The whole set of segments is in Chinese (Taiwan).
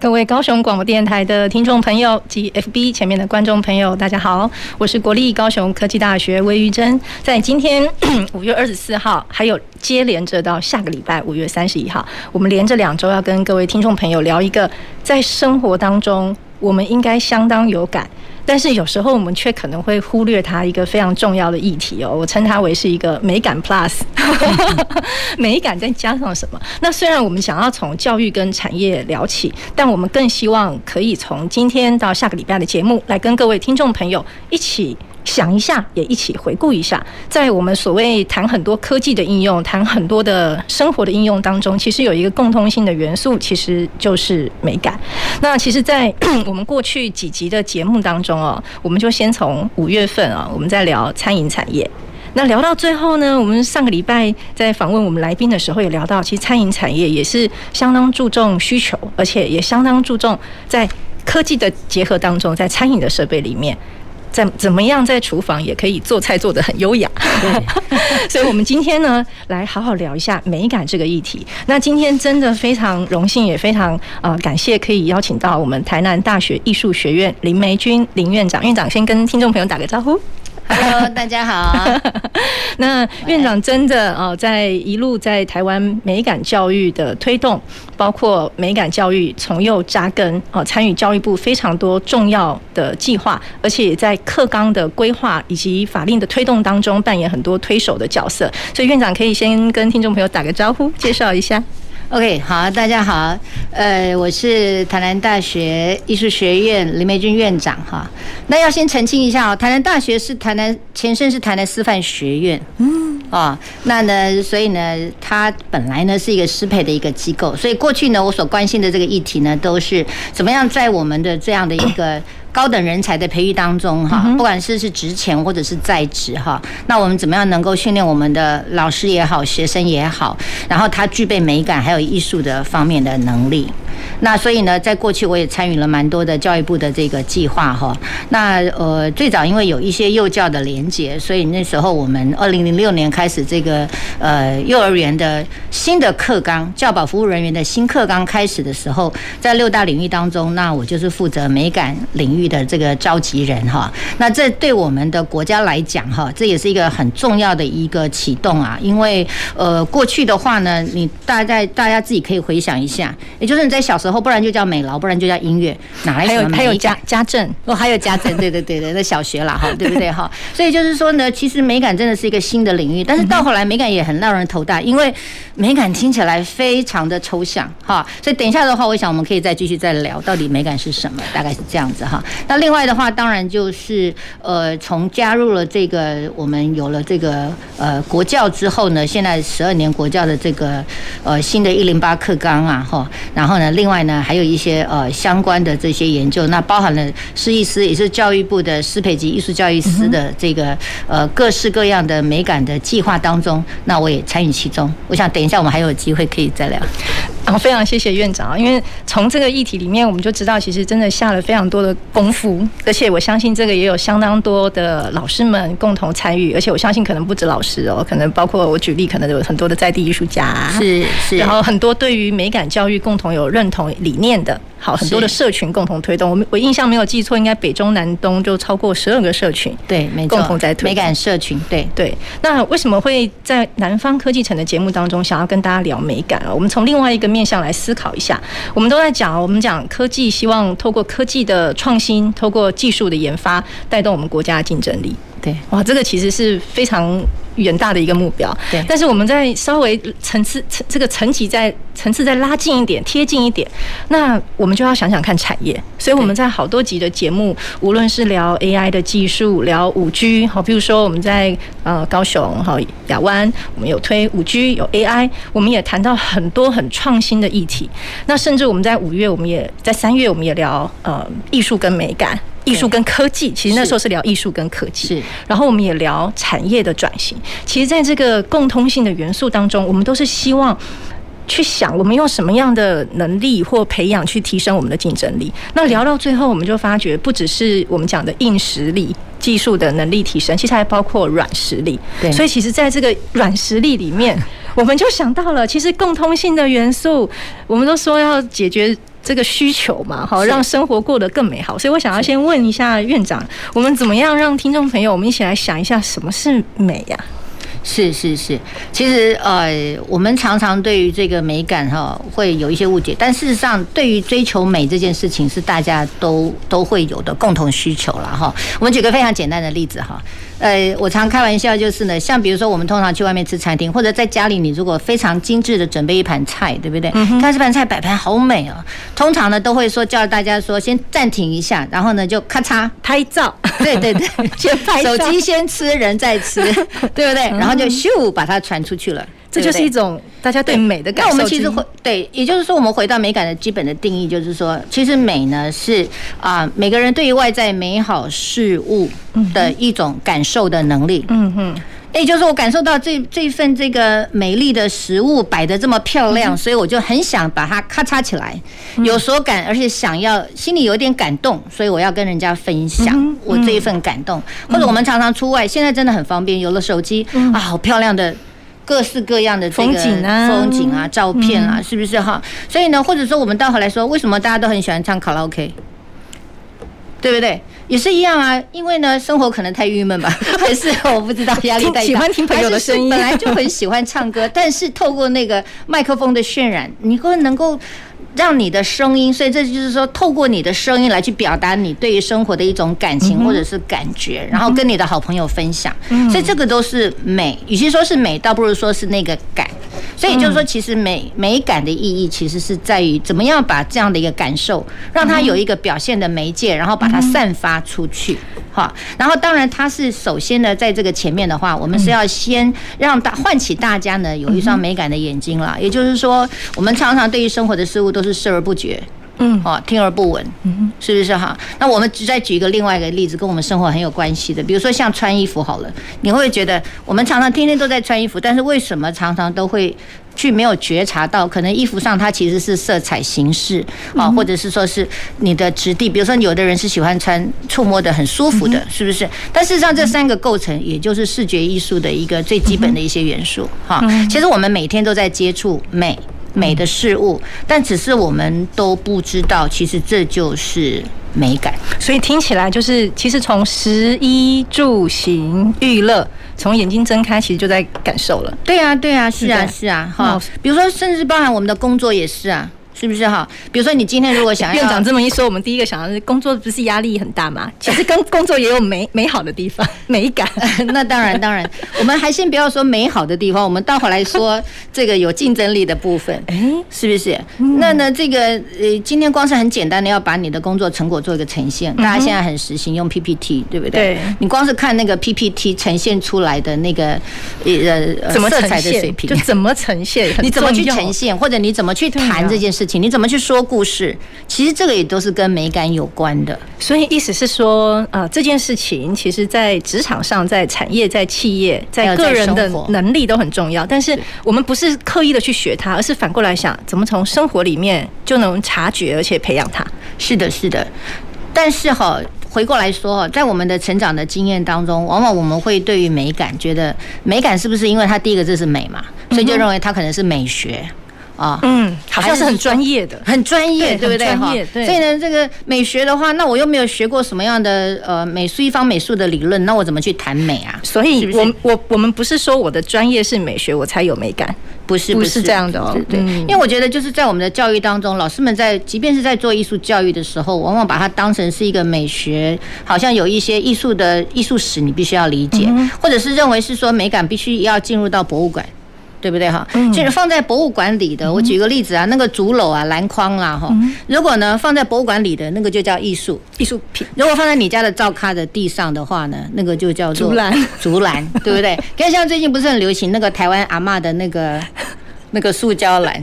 各位高雄廣播電台的聽眾朋友及 FB 前面的觀眾朋友，大家好，我是國立高雄科技大學魏裕珍。在今天五月二十四號，還有接連着到下個禮拜五月三十一號，我們連着兩周要跟各位聽眾朋友聊一個在生活當中，我們應該相當有感，但是有時候我們卻可能會忽略它一個非常重要的議題哦。我稱它為是一個美感 plus， 美感再加上什麼？那雖然我們想要從教育跟產業聊起，但我們更希望可以從今天到下個禮拜的節目來跟各位聽眾朋友一起想一下，也一起回顧一下，在我們所謂談很多科技的應用，談很多的生活的應用當中，其實有一個共通性的元素，其實就是美感。那其實，在我們過去幾集的節目當中哦，我們就先從五月份啊，我們在聊餐飲產業。那聊到最後呢，我們上個禮拜在訪問我們來賓的時候，也聊到，其實餐飲產業也是相當注重需求，而且也相當注重在科技的結合當中，在餐飲的設備裡面。在怎麼樣，在廚房也可以做菜，做得很優雅。對 所以，我們今天呢，來好好聊一下美感這個議題。那今天真的非常榮幸，也非常啊、呃、感謝可以邀請到我們台南大學藝術學院林玫君林院長。院長先跟聽眾朋友打個招呼。哈嘍，Hello，大家好。 那院長真的哦，在一路在台灣美感教育的推動，包括美感教育從幼扎根哦，參與教育部非常多重要的計劃，而且也在課綱的規劃以及法令的推動當中扮演很多推手的角色。所以院長可以先跟聽眾朋友打個招呼，介紹一下。OK，好，大家好，呃，我是台南大學藝術學院林玫君院長哈、哦。那要先澄清一下哦，台南大學是台南前身是台南師範學院，嗯，啊，那呢，所以呢，它本來呢是一個師培的一個機構，所以過去呢，我所關心的這個議題呢，都是怎麼樣在我們的這樣的一個。 高等人才的培育當中，哈，不管是是職前或者是在職哈，那我們怎麼樣能夠訓練我們的老師也好，學生也好，然後他具備美感還有藝術的方面的能力。那所以呢，在過去我也參與了蠻多的教育部的這個計劃哈。那呃，最早因為有一些幼教的連結，所以那時候我們二零零六年開始這個呃幼兒園的新的課綱，教保服務人員的新課綱開始的時候，在六大領域當中，那我就是負責美感領域。的這個召集人哈，那這對我們的國家來講哈，這也是一個很重要的一個啟動啊，因為呃過去的話呢，你大概大家自己可以回想一下，也就是你在小時候，不然就叫美勞，不然就叫音樂，哪來什麼美？還有還有家家政哦，還有家政，對對對對，那小學啦哈，對不對哈？ 所以就是說呢，其實美感真的是一個新的領域，但是到後來美感也很讓人頭大，因為。美感聽起來非常的抽象，哈，所以等一下的話，我想我們可以再繼續再聊到底美感是什麼，大概是這樣子哈。那另外的話，當然就是呃，從加入了這個我們有了這個呃國教之後呢，現在十二年國教的這個呃新的一零八課綱啊，哈，然後呢，另外呢還有一些呃相關的這些研究，那包含了師藝司也是教育部的師培及藝術教育司的這個呃各式各樣的美感的計劃當中，那我也參與其中，我想等。等一下我們還有機會可以再聊。然後非常謝謝院長，因為從這個議題裡面，我們就知道其實真的下了非常多的功夫，而且我相信這個也有相當多的老師們共同參與，而且我相信可能不止老師哦，可能包括我舉例，可能有很多的在地藝術家、啊是，是是，然後很多對於美感教育共同有認同理念的好很多的社群共同推動。我們是我印象沒有記錯，應該北中南東就超過十二個社群，對，沒錯，共同在推美感社群，對對。那為什麼會在南方科技城的節目當中想要跟大家聊美感啊？我們從另外一個面。面向來思考一下，我們都在講，我們講科技，希望透過科技的創新，透過技術的研發，帶動我們國家的競爭力。對，哇，這個其實是非常遠大的一個目標。對，但是我們在稍微層次、層這個層級再層次再拉近一點、貼近一點，那我們就要想想看產業。所以我們在好多集的節目，無論是聊 AI 的技術，聊五 G，好，比如說我們在呃高雄，好，亞灣，我們有推五 G，有 AI，我們也談到很多很創新的議題。那甚至我們在五月，我們也在三月，我們也聊呃藝術跟美感。藝術跟科技，其實那時候是聊藝術跟科技，是。然後我們也聊產業的轉型。其實，在這個共通性的元素當中，我們都是希望去想，我們用什麼樣的能力或培養去提升我們的競爭力。那聊到最後，我們就發覺，不只是我們講的硬實力、技術的能力提升，其實還包括軟實力。對。所以，其實，在這個軟實力裡面，我們就想到了，其實共通性的元素，我們都說要解決。這個需求嘛，好讓生活過得更美好。是所以我想要先問一下院長，我們怎麼樣讓聽眾朋友，我們一起來想一下什麼是美呀，啊？是是是，其實呃，我們常常對於這個美感哈，會有一些誤解。但事實上，對於追求美這件事情，是大家都都會有的共同需求了哈。我們舉個非常簡單的例子哈。呃，我常開玩笑就是呢，像比如說我們通常去外面吃餐廳，或者在家裡，你如果非常精緻的準備一盤菜，對不對？嗯哼。看這盤菜擺盤好美哦。通常呢，都會說叫大家說先暫停一下，然後呢就咔嚓拍照。對對對，先拍照，手機先吃，人再吃，對不對？然後就咻把它傳出去了。這就是一種大家對美的感受。那我們其實會對，也就是說，我們回到美感的基本的定義，就是說，其實美呢是啊，每個人對於外在美好事物的一種感受的能力。嗯哼。也就是我感受到這這份這個美麗的食物擺得這麼漂亮，嗯、哼所以我就很想把它咔嚓起來，嗯、哼有所感，而且想要心裡有點感動，所以我要跟人家分享我這一份感動。嗯嗯、或者我們常常出外，現在真的很方便，有了手機、嗯、哼啊，好漂亮的。各式各樣的這個風景啊，風景啊，照片啊，嗯、是不是哈？所以呢，或者說我們到後來說，為什麼大家都很喜歡唱卡拉 OK？對不對？也是一樣啊，因為呢，生活可能太鬱悶吧？ 還是，我不知道，壓力太大。喜歡聽朋友的聲音，還是本來就很喜歡唱歌， 但是透過那個麥克風的渲染，你會能夠。讓你的聲音，所以這就是說，透過你的聲音來去表達你對於生活的一種感情或者是感覺，mm hmm。然後跟你的好朋友分享。Mm hmm。所以這個都是美，與其說是美，倒不如說是那個感。所以就是說，其實美美感的意義，其實是在於怎麼樣把這樣的一個感受，讓它有一個表現的媒介，然後把它散發出去，哈。然後當然，它是首先呢，在這個前面的話，我們是要先讓大喚起大家呢，有一雙美感的眼睛了。也就是說，我們常常對於生活的事物都是視而不覺。嗯，哦，聽而不聞，嗯，是不是哈？那我們再舉一個另外一個例子，跟我們生活很有關係的，比如說像穿衣服好了，你會不會覺得我們常常天天都在穿衣服，但是為什麼常常都會去沒有覺察到，可能衣服上它其實是色彩形式啊，或者是說是你的質地，比如說有的人是喜歡穿觸摸的很舒服的，是不是？但事實上這三個構成，也就是視覺藝術的一個最基本的一些元素，哈，其實我們每天都在接觸美，美的事物，但只是我們都不知道，其實這就是美感。所以聽起來就是，其實從食衣住行、娛樂，從眼睛睜開，其實就在感受了。對啊，對啊，是啊，對對對，是啊，哈。我比如說，甚至包含我們的工作也是啊。是不是哈？比如說你今天如果想要，院長這麼一說，我們第一個想到是工作不是壓力很大嗎？其實跟工作也有美美好的地方，美感。 呃、那當然當然，我們還先不要說美好的地方，我們倒回來說這個有競爭力的部分。哎，是不是？嗯、那呢，這個呃，今天光是很簡單的要把你的工作成果做一個呈現，大家現在很實行用 PPT，對不對？嗯、你光是看那個 PPT 呈現出來的那個呃，怎麼呈現色彩的水平，就怎麼呈現？你怎麼去呈現？或者你怎麼去談這件事情？你怎麼去說故事？其實這個也都是跟美感有關的，所以意思是說，啊，呃，這件事情其實，在職場上、在產業、在企業、在個人的能力都很重要。但是我們不是刻意的去學它，而是反過來想，怎麼從生活裡面就能察覺，而且培養它。是的，是的。但是哈，哦，回過來說哦，在我們的成長的經驗當中，往往我們會對於美感覺得，美感是不是因為它第一個字是美嘛，所以就認為它可能是美學。嗯啊，哦、嗯，好像是很專業的，很專業，業、哦、業，對不對？所以呢，這個美學的話，那我又沒有學過什麼樣的呃美術，一方美術的理論，那我怎麼去談美啊？所以，是是我我我們不是說我的專業是美學，我才有美感，不是不是，不是這樣的、哦是是，對。嗯、因為我覺得就是在我們的教育當中，老師們在即便是在做藝術教育的時候，往往把它當成是一個美學，好像有一些藝術的藝術史你必須要理解，嗯、或者是認為是說美感必須要進入到博物館。對不對哈？就是、嗯、放在博物館裡的，我舉個例子啊，嗯、那個竹簍啊、籃筐啦，哈。如果呢放在博物館裡的那個就叫藝術藝術品，如果放在你家的灶咖的地上的話呢，那個就叫做竹籃。竹籃，對不對？你看像最近不是很流行那個台灣阿嬤的那個那個塑膠籃。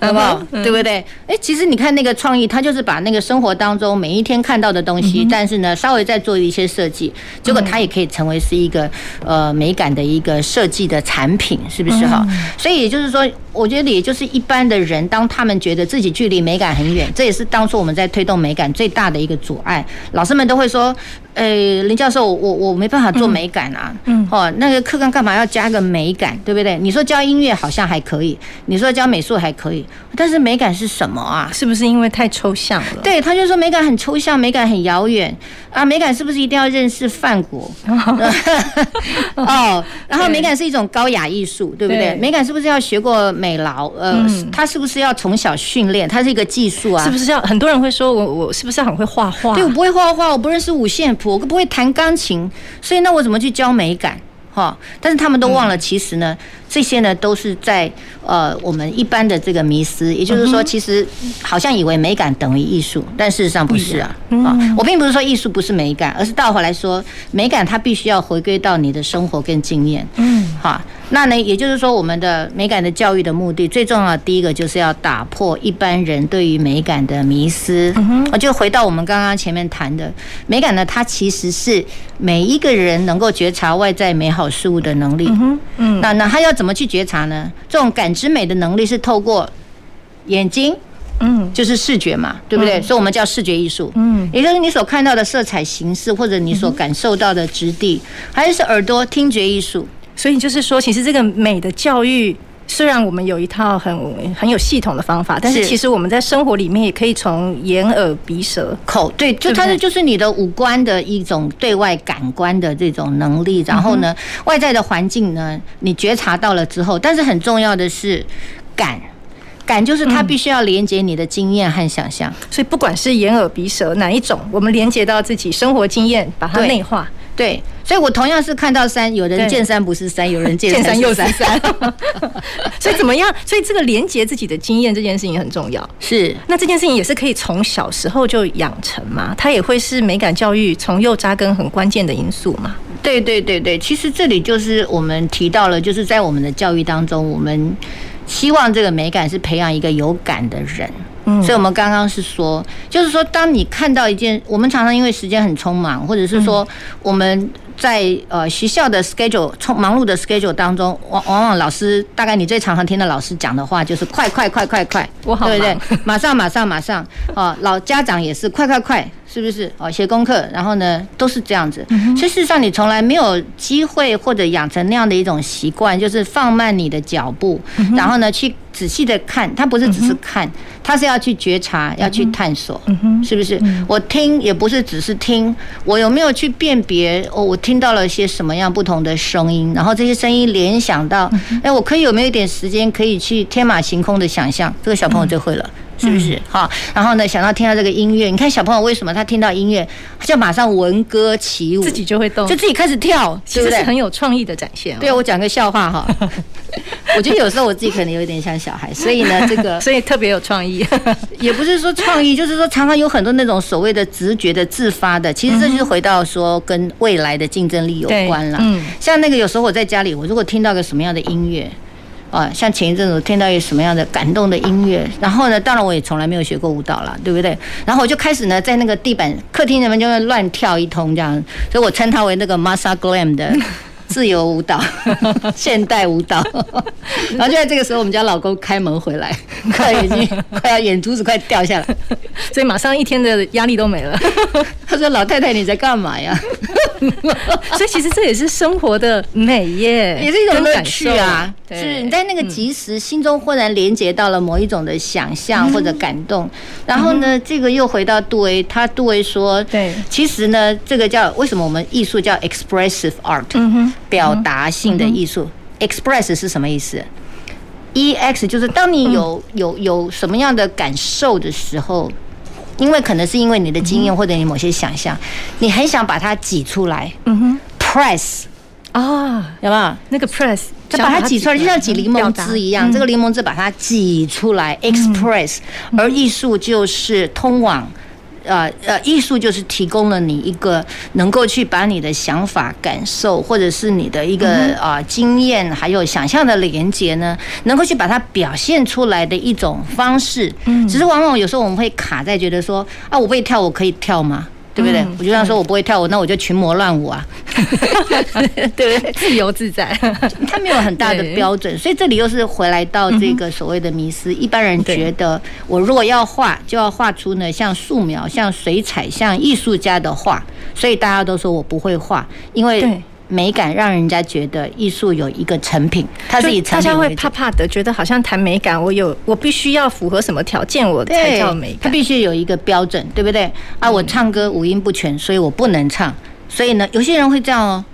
好不好？嗯、對不對？哎，其實你看那個創意，他就是把那個生活當中每一天看到的東西，嗯、但是呢，稍微再做一些設計，結果它也可以成為是一個、嗯、呃美感的一個設計的產品，是不是哈？嗯、所以也就是說，我覺得也就是一般的人，當他們覺得自己距離美感很遠，這也是當初我們在推動美感最大的一個阻礙。老師們都會說，呃，林教授，我我沒辦法做美感啊，嗯，嗯哦，那個課綱幹嘛要加個美感，對不對？你說教音樂好像還可以，你說教美術還可以。可以，但是美感是什麼啊？是不是因為太抽象了？對，他就說美感很抽象，美感很遙遠啊。美感是不是一定要認識梵谷？哦，然後美感是一種高雅藝術，對不對？對，美感是不是要學過美勞？呃，嗯、他是不是要從小訓練？他是一個技術啊，是不是要？很多人會說我，我是不是很會畫畫、啊？對，我不會畫畫，我不認識五線譜，我不會彈鋼琴，所以那我怎麼去教美感？哈，但是他們都忘了，其實呢，這些呢都是在呃，我們一般的這個迷思，也就是說，其實好像以為美感等於藝術，但事實上不是啊。啊，我並不是說藝術不是美感，而是倒回來說，美感它必須要回歸到你的生活跟經驗，嗯，哈。那呢，也就是說，我們的美感的教育的目的最重要，第一個就是要打破一般人對於美感的迷失。嗯哼，我就回到我們剛剛前面談的美感呢，它其實是每一個人能夠覺察外在美好事物的能力。嗯嗯，那那他要怎麼去覺察呢？這種感知美的能力是透過眼睛，嗯，就是視覺嘛，對不對？嗯、所以我們叫視覺藝術。嗯，也就是你所看到的色彩、形式，或者你所感受到的質地，嗯、哼還是耳朵聽覺藝術。所以就是說，其實這個美的教育，雖然我們有一套很很有系統的方法，但是其實我們在生活裡面也可以從眼、耳、鼻、舌、口，對，對不對，就它是就是你的五官的一種對外感官的這種能力。然後呢，嗯、哼外在的環境呢，你覺察到了之後，但是很重要的是感，感就是它必須要連接你的經驗和想象，嗯。所以不管是眼耳鼻舌、耳、鼻、舌哪一種，我們連接到自己生活經驗，把它內化。對，所以我同樣是看到山，有人見山不是山，對有人見人還是山，見山又是山 所以怎麼樣？所以這個連接自己的經驗這件事情很重要。是，那這件事情也是可以從小時候就養成嘛，它也會是美感教育從幼扎根很關鍵的因素嘛。對對對對，其實這裡就是我們提到了，就是在我們的教育當中，我們希望這個美感是培養一個有感的人。嗯，所以我們剛剛是說，就是說，當你看到一件，我們常常因為時間很匆忙，或者是說我們在呃學校的 schedule 匆忙碌的 schedule 當中，往往老師大概你最常常聽到老師講的話就是快快快快快，我好對不對？馬上馬上馬上，啊、哦，老家長也是快快快，是不是？哦，寫功課，然後呢，都是這樣子。所以事實上，你從來沒有機會或者養成那樣的一種習慣，就是放慢你的腳步，然後呢去。仔細的看，他不是只是看，嗯、哼他是要去覺察，要去探索，嗯、哼是不是？嗯、哼我聽也不是只是聽，我有沒有去辨別？哦，我聽到了一些什麼樣不同的聲音，然後這些聲音聯想到，哎、嗯哼，我可以有沒有一點時間可以去天馬行空的想象？這個小朋友就會了。嗯是不是？哈、嗯哦，然後呢，想到聽到這個音樂，你看小朋友為什麼他聽到音樂就馬上聞歌起舞，自己就會動，就自己開始跳，對不對？其實是很有創意的展現哦。對，我講個笑話哈， 我覺得有時候我自己可能有點像小孩，所以呢，這個所以特別有創意， 也不是說創意，就是說常常有很多那種所謂的直覺的自發的，其實這就是回到說跟未來的競爭力有關了。嗯，像那個有時候我在家裡，我如果聽到個什麼樣的音樂。啊，像前一陣子我聽到有什麼樣的感動的音樂，然後呢，當然我也從來沒有學過舞蹈了，對不對？然後我就開始呢，在那個地板、客廳裡面就會亂跳一通這樣，所以我稱它為那個 Masa Glam 的。 自由舞蹈、現代舞蹈， 然後就在這個時候，我們家老公開門回來，快已經快要眼珠子快掉下來， 所以馬上一天的壓力都沒了。 他說：“老太太，你在幹嘛呀？” 所以其實這也是生活的美耶，也是一種樂趣啊。是，你在那個即時心中忽然連接到了某一種的想象或者感動，然後呢，這個又回到杜威，他杜威說：“對，其實呢，這個叫為什麼我們藝術叫 expressive art？”、嗯哼表達性的藝術，express 是什麼意思？ex 就是當你有有有什麼樣的感受的時候，因為可能是因為你的經驗或者你某些想象，你很想把它擠出來。嗯哼，press 啊，有沒有？那個 press，就把它擠出來，就像擠檸檬汁一樣。這個檸檬汁把它擠出來，express。而藝術就是通往。呃呃，藝術就是提供了你一個能夠去把你的想法、感受，或者是你的一個啊經驗，還有想象的連接呢，能夠去把它表現出來的一種方式。嗯，只是往往有時候我們會卡在覺得說，啊，我不會跳，我可以跳嗎？對不對？嗯、我就這樣說，我不會跳舞？那我就群魔亂舞啊， 對不對？自由自在，它 沒有很大的標準，所以這裡又是回來到這個所謂的迷思。嗯、哼一般人覺得，我如果要畫，就要畫出呢，像素描、像水彩、像藝術家的畫，所以大家都說我不會畫，因為。美感讓人家覺得藝術有一個成品，他自己常常會怕怕的，覺得好像談美感我，我有我必須要符合什麼條件，我才叫美感。他必須有一個標準，對不對？啊，嗯，我唱歌五音不全，所以我不能唱。所以呢，有些人會這樣哦。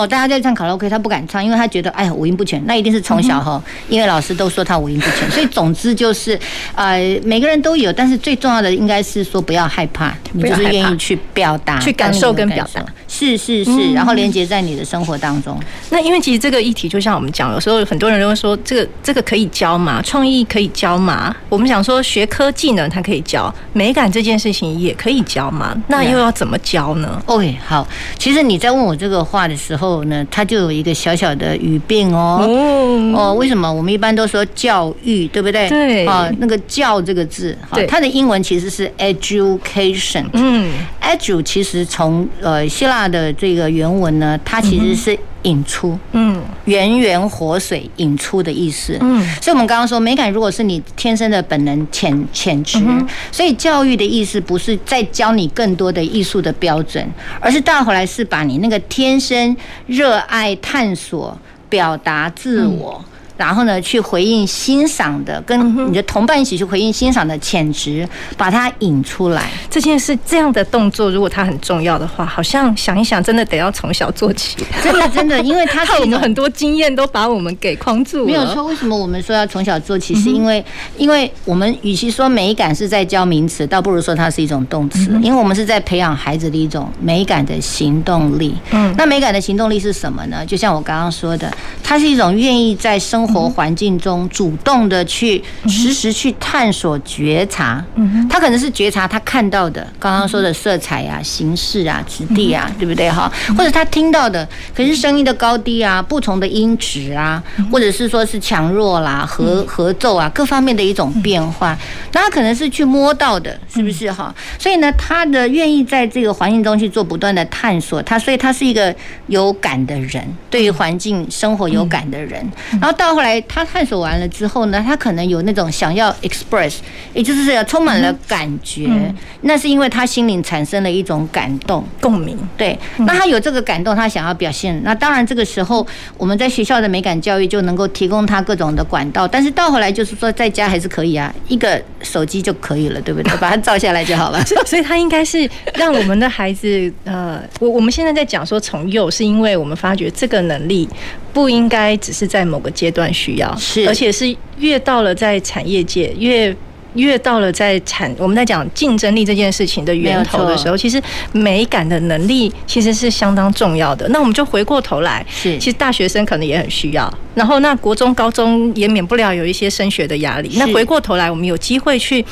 哦，大家在唱卡拉 OK，他不敢唱，因為他覺得哎呀五音不全，那一定是從小哈，嗯、哼因為老師都說他五音不全， 所以總之就是，呃，每個人都有，但是最重要的應該是說不要害怕，你就是願意去表達，啊、去感受跟表達，是、嗯、是是，然後連接在你的生活當中。那因為其實這個議題就像我們講，有時候有很多人都說這個這個可以教嘛，創意可以教嘛，我們想說學科技能它可以教，美感這件事情也可以教嘛，那又要怎麼教呢？yeah.OK，好，其實你在問我這個話的時候。後呢，它就有一個小小的語病哦。Oh, 哦，為什麼？我們一般都說教育，對不對？對，啊，那個“教”這個字，啊、對它的英文其實是 education。嗯。嗯，edu 其實從呃希臘的這個原文呢，它其實是。引出，嗯，源源活水引出的意思，嗯，所以我們剛剛說美感，如果是你天生的本能潛潛質，嗯、哼所以教育的意思不是在教你更多的藝術的標準，而是倒回來是把你那個天生熱愛探索表達自我。嗯然後呢，去回應欣賞的，跟你的同伴一起去回應欣賞的潛質，把它引出來。這件事這樣的動作，如果它很重要的話，好像想一想，真的得要從小做起。真的真的，因為他我們很多經驗都把我們給框住了。沒有說為什麼我們說要從小做起，是因為、嗯、因為我們與其說美感是在教名詞，倒不如說它是一種動詞，嗯、因為我們是在培養孩子的一種美感的行動力。嗯，那美感的行動力是什麼呢？就像我剛剛說的，它是一種願意在生活活環境中主動的去實時去探索覺察，嗯，他可能是覺察他看到的剛剛說的色彩啊、形式啊、質地啊，對不對哈？或者他聽到的，可是聲音的高低啊、不同的音質啊，或者是說是強弱啦、啊、合合奏啊，各方面的一種變化，那他可能是去摸到的，是不是哈？所以呢，他的願意在這個環境中去做不斷的探索，他所以他是一個有感的人，對於環境生活有感的人，然後到。後來他探索完了之後呢，他可能有那種想要 express，也就是充滿了感覺。嗯嗯、那是因為他心靈產生了一種感動共鳴鳴。對。嗯、那他有這個感動，他想要表現。那當然，這個時候我們在學校的美感教育就能夠提供他各種的管道。但是到後來就是說，在家還是可以啊，一個手機就可以了，對不對？把它照下來就好了。 所以，他應該是讓我們的孩子呃，我我們現在在講說從幼，是因為我們發覺這個能力不應該只是在某個階段。很需要是，而且是越到了在產業界，越越到了在產，我們在講競爭力這件事情的源頭的時候，其實美感的能力其實是相當重要的。那我們就回過頭來，是，其實大學生可能也很需要。然後，那國中、高中也免不了有一些升學的壓力。是，那回過頭來，我們有機會去。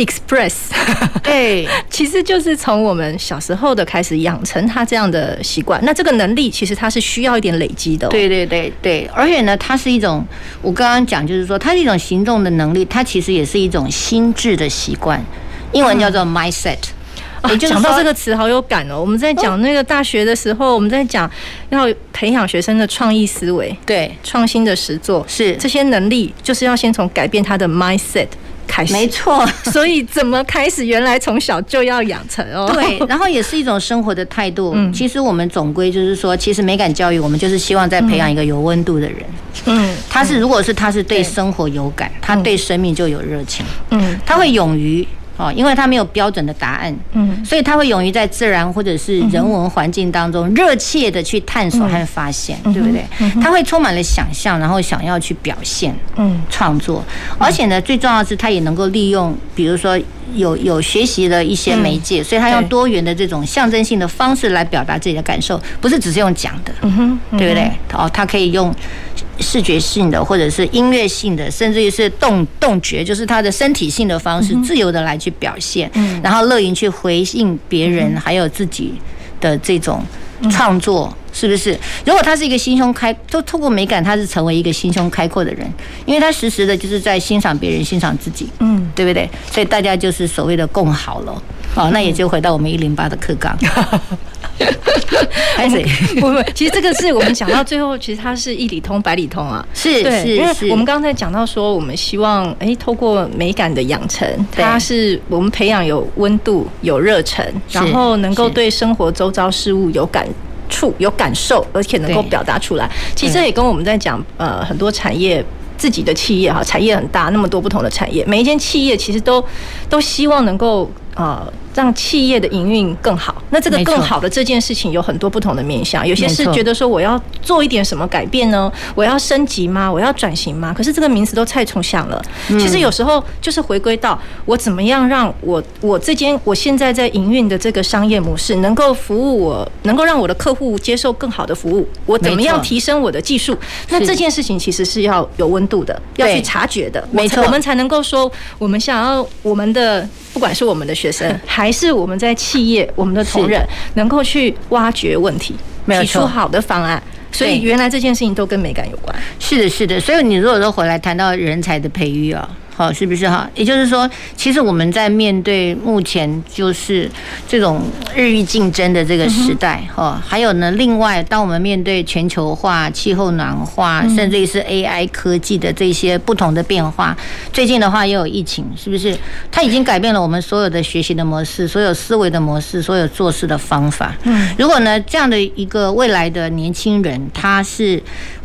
Express， 對，其實就是從我們小時候的開始養成他這樣的習慣。那這個能力其實它是需要一點累積的，哦。對對對對，而且呢，它是一種我剛剛講就是說，它是一種行動的能力，它其實也是一種心智的習慣，英文叫做 mindset。講到、嗯欸、這個詞好有感哦，我們在講那個大學的時候，哦、我們在講要培養學生的創意思維，對，創新的實作是這些能力，就是要先從改變他的 mindset。沒錯，所以怎麼開始？原來從小就要養成哦。 對，然後也是一種生活的態度。嗯，其實我們總歸就是說，其實美感教育，我們就是希望在培養一個有溫度的人。嗯，他是，嗯，如果是他是對生活有感，對，他對生命就有熱情。嗯，他會勇於。哦，因為他沒有標準的答案，嗯，所以他會勇於在自然或者是人文環境當中熱切地去探索和發現，嗯、對不對？嗯嗯、他會充滿了想象，然後想要去表現，嗯，創作。嗯、而且呢，最重要的是他也能夠利用，比如說有有學習的一些媒介，嗯、所以他用多元的這種象徵性的方式來表達自己的感受，不是只是用講的，嗯嗯、對不對？哦，他可以用視覺性的，或者是音樂性的，甚至於是動動覺，就是他的身體性的方式，嗯、自由的來去表現，然後樂於去回應別人，還有自己的這種創作，是不是？如果他是一個心胸開，就透過美感，他是成為一個心胸開闊的人，因為他時時的就是在欣賞別人，欣賞自己，嗯，對不對？所以大家就是所謂的共好了。好，那也就回到我們一零八的課綱，不不 Okay， 其實這個是我們講到最後，其實它是一理通百理通啊，是是，對因為 我們剛才講到說，我們希望哎、欸，透過美感的養成，它是我們培養有溫度、有熱忱，然後能夠對生活周遭事物有感觸、有感受，而且能夠表達出來。其實這也跟我們在講呃，很多產業自己的企業哈，產業很大，那麼多不同的產業，每一間企業其實都都希望能夠。啊、呃，讓企業的營運更好。那這個更好的這件事情有很多不同的面向，錯有些是覺得說我要做一點什麼改變呢？錯我要升級嗎？我要轉型嗎？可是這個名詞都太抽象了。嗯、其實有時候就是回歸到我怎麼樣讓我我這間我現在在營運的這個商業模式能夠服務我，能夠讓我的客戶接受更好的服務。我怎麼樣提升我的技術？錯那這件事情其實是要有溫度的，是要去察覺的。沒錯，我們才能夠說我們想要我們的不管是我們的學。學生還是我們在企業，我們的同仁，是能夠去挖掘問題，提出好的方案。所以原來這件事情都跟美感有關。對是的，是的。所以你如果說回來談到人才的培育啊、哦。好，是不是哈？也就是說，其實我們在面對目前就是這種日益競爭的這個時代，哈、嗯哼，還有呢，另外，當我們面對全球化、氣候暖化，甚至是 AI 科技的這些不同的變化，嗯、哼最近的話也有疫情，是不是？它已經改變了我們所有的學習的模式、所有思維的模式、所有做事的方法。嗯哼，如果呢，這樣的一個未來的年輕人，他是。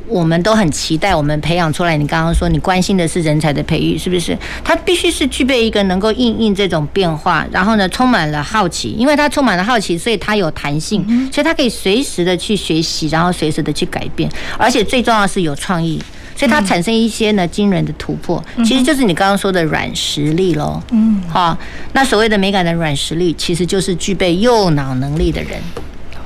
我們都很期待，我們培養出來。你剛剛說你關心的是人才的培育，是不是？他必須是具備一個能夠應應這種變化，然後呢，充滿了好奇，因為他充滿了好奇，所以他有彈性，所以他可以隨時的去學習，然後隨時的去改變，而且最重要的是有創意，所以他產生一些呢驚人的突破，其實就是你剛剛說的軟實力咯。嗯，好，那所謂的美感的軟實力，其實就是具備右腦能力的人。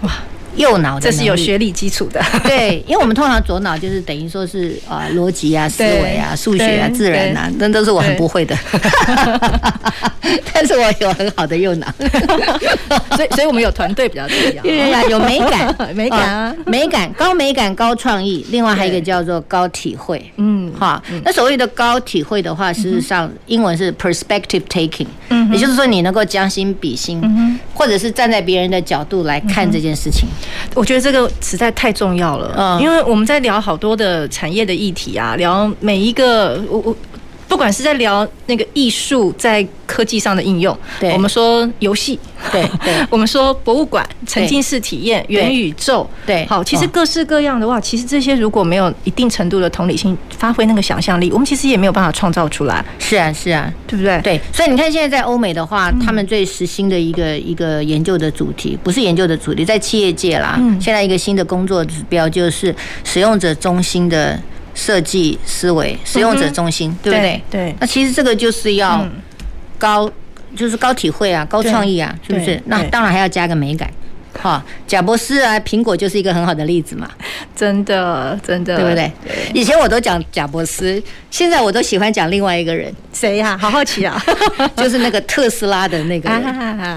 哇。右腦，這是有學歷基礎的。 對，因為我們通常左腦就是等於說是啊，邏輯啊、思維啊、數對學啊、對自然啊，那對都是我很不會的。對 但是我有很好的右腦 所以所以我們有團隊比較重要。對呀，有美感， 美感啊、哦，美感，高美感，高創意。另外還有一個叫做高體會，對，嗯，好、嗯。那所謂的高體會的話，事實上英文是 perspective taking，嗯哼，也就是說你能夠將心比心，嗯、哼或者是站在別人的角度來看這件事情、嗯。我覺得這個實在太重要了，嗯，因為我們在聊好多的產業的議題啊，聊每一個我我。不管是在聊那個藝術在科技上的應用，對我們說遊戲，對，對 我們說博物館沉浸式體驗對元宇宙，對，對好，其實各式各樣的話，哦、其實這些如果沒有一定程度的同理心，發揮那個想象力，我們其實也沒有辦法創造出來，是啊是啊，是啊對不對？對，所以你看現在在歐美的話，嗯、他們最時興的一個一個研究的主題，不是研究的主題，在企業界啦，嗯，現在一個新的工作指標就是使用者中心的。設計思維，使用者中心，對不對？對。那其實這個就是要高，就是高體會啊，高創意啊，是不是？那當然還要加個美感，哈。賈伯斯啊，蘋果就是一個很好的例子嘛。真的，真的，對不對？以前我都講賈伯斯，現在我都喜歡講另外一個人，誰呀？好好奇啊，就是那個特斯拉的那個人，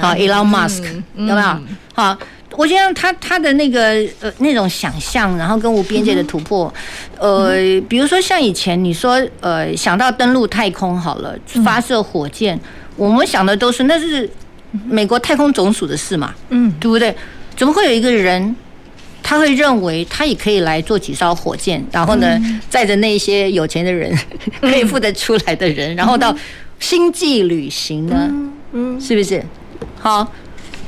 好，Elon Musk，有沒有？好。我覺得他他的那個呃那種想象，然後跟無邊界的突破，嗯、呃，嗯、比如說像以前你說呃想到登陸太空好了，發射火箭，嗯、我們想的都是那是美國太空總署的事嘛，嗯，對不對？怎麼會有一個人他會認為他也可以來做幾艘火箭，然後呢載着、嗯、那些有錢的人，嗯、 可以付得出來的人，然後到星際旅行呢？嗯，嗯，是不是？好，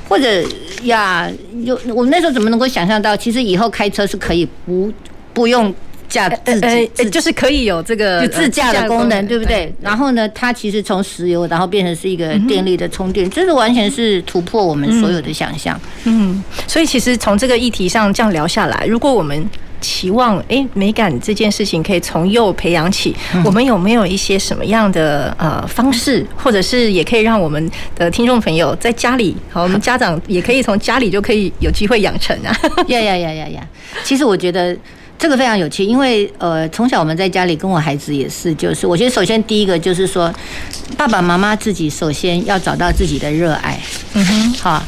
或者。呀，有、yeah, 我們那時候怎麼能夠想象到？其實以後開車是可以不不用駕自己、欸欸，就是可以有這個就自駕的功能，啊、功能對不對，對？然後呢，它其實從石油，然後變成是一個電力的充電，這、嗯、哼是完全是突破我們所有的想象。嗯，所以其實從這個議題上這樣聊下來，如果我們。期望誒、欸，美感這件事情可以從幼培養起。我們有沒有一些什麼樣的、嗯、哼呃方式，或者是也可以讓我們的聽眾朋友在家裡，好，我們家長也可以從家裡就可以有機會養成啊？呀呀呀呀呀，其實我覺得這個非常有趣，因為呃，從小我們在家裡跟我孩子也是，就是我覺得首先第一個就是說，爸爸媽媽自己首先要找到自己的熱愛。嗯哼，好。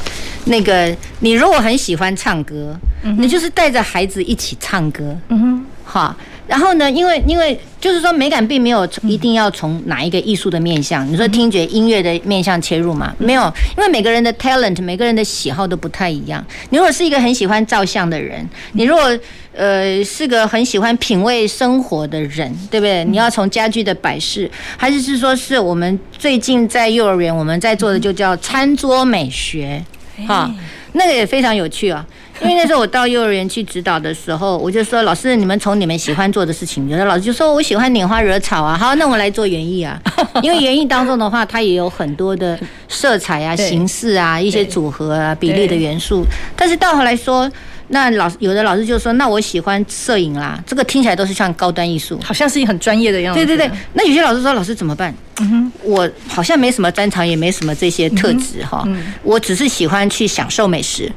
那個，你如果很喜歡唱歌，你就是帶着孩子一起唱歌。嗯好哼。然後呢，因為因為就是說，美感並沒有一定要從哪一個藝術的面向，嗯、哼你說聽覺音樂的面向切入嘛？嗯、哼沒有，因為每個人的 talent，每個人的喜好都不太一樣。你如果是一個很喜歡照相的人，你如果呃是個很喜歡品味生活的人，對不對？你要從家具的擺飾，還是是說是我們最近在幼兒園我們在做的就叫餐桌美學。嗯啊、哦，那個也非常有趣啊，因為那時候我到幼兒園去指導的時候， 我就說老師，你們從你們喜歡做的事情，有的老師就說我喜歡拈花惹草啊，好，那我來做園藝啊， 因為園藝當中的話，它也有很多的色彩啊、對形式啊、一些組合啊、對比例的元素，但是到後來來說，那老師，有的老師就說：“那我喜歡攝影啦，這個聽起來都是像高端藝術，好像是一個很專業的樣子。”對對對，那有些老師說：“老師怎麼辦？”嗯、哼我好像沒什麼專長，也沒什麼這些特質哈，嗯、哼我只是喜歡去享受美食，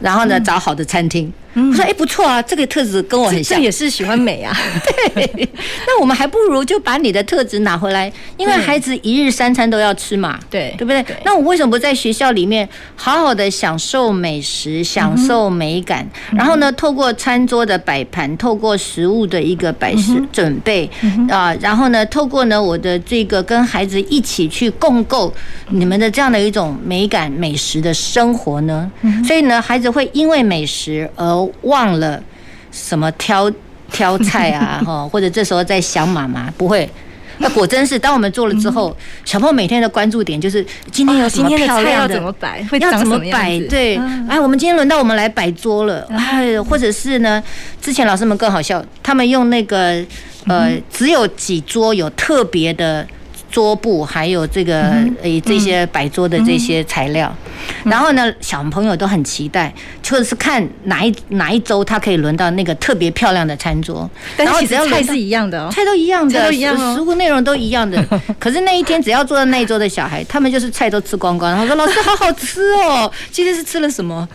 然後呢，找好的餐廳。嗯嗯我說哎，不錯啊！這個特質跟我很像，也是喜歡美啊。 對，那我們還不如就把你的特質拿回來，因為孩子一日三餐都要吃嘛，對，對不對？對，那我為什麼不在學校裡面好好的享受美食，嗯、哼享受美感？嗯、哼然後呢，透過餐桌的擺盤，透過食物的一個擺設、嗯、哼準備啊、呃，然後呢，透過呢我的這個跟孩子一起去共構你們的這樣的一種美感美食的生活呢？嗯、哼所以呢，孩子會因為美食而。忘了什麼挑挑菜啊，哈， 或者這時候在想媽媽，不會，那果真是當我們做了之後，嗯嗯小朋友每天的關注點就是今天有什麼漂亮的今天的菜要怎麼擺，會長什麼樣子要怎麼擺，對，嗯嗯哎，我們今天輪到我們來擺桌了，哎，或者是呢，之前老師們更好笑，他們用那個呃，只有幾桌有特別的。桌布，還有這個誒，這些擺桌的這些材料，然後呢，小朋友都很期待，就是看哪一哪一周他可以輪到那個特別漂亮的餐桌。然後只要菜是一樣的，菜都一樣的，食物內容都一樣的。可是那一天只要坐在那一桌的小孩，他們就是菜都吃光光，然後說：“老師，好好吃哦，喔，今天是吃了什麼？”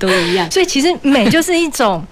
都一樣。所以其實美就是一種。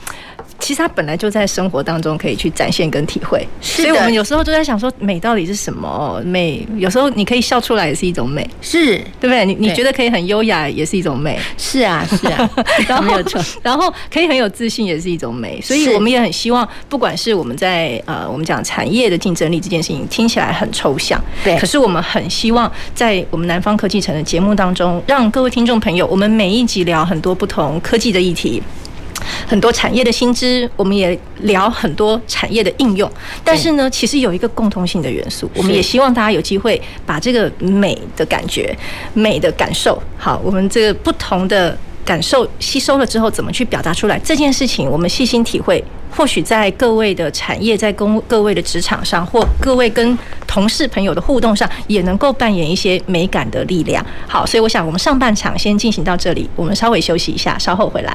其實它本來就在生活當中可以去展現跟體會，是的，所以我們有時候都在想說，美到底是什麼美？有時候你可以笑出來也是一種美，是對不對？你對你覺得可以很優雅也是一種美，是啊是啊，然後然後可以很有自信也是一種美，所以我們也很希望，不管是我們在呃我們講產業的競爭力這件事情聽起來很抽象，對，可是我們很希望在我們南方科技城的節目當中，讓各位聽眾朋友，我們每一集聊很多不同科技的議題。很多產業的新知，我們也聊很多產業的應用，但是呢，其實有一個共通性的元素，嗯、我們也希望大家有機會把這個美的感覺、美的感受，好，我們這個不同的感受吸收了之後，怎麼去表達出來？這件事情我們細心體會，或許在各位的產業，在公各位的職場上，或各位跟同事朋友的互動上，也能夠扮演一些美感的力量。好，所以我想我們上半場先進行到這裡，我們稍微休息一下，稍後回來。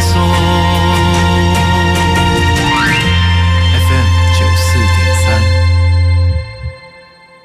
索。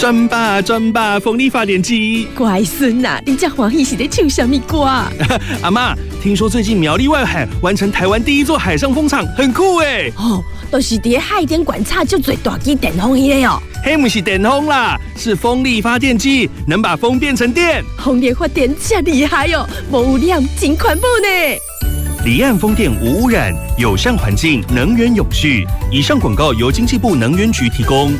轉吧轉吧風力發電機。乖孫吶、啊，你叫黃爺是在唱什麼歌？ 阿媽，聽說最近苗栗外海完成台灣第一座海上風場，很酷哎。哦，都是在海點觀測，足多大機電風一個哦。黑木是電風啦，是風力發電機，能把風變成電。風力發電機厲害哦，無污染，真環保呢。離岸風電無污染，友善環境，能源永續。以上廣告由經濟部能源局提供。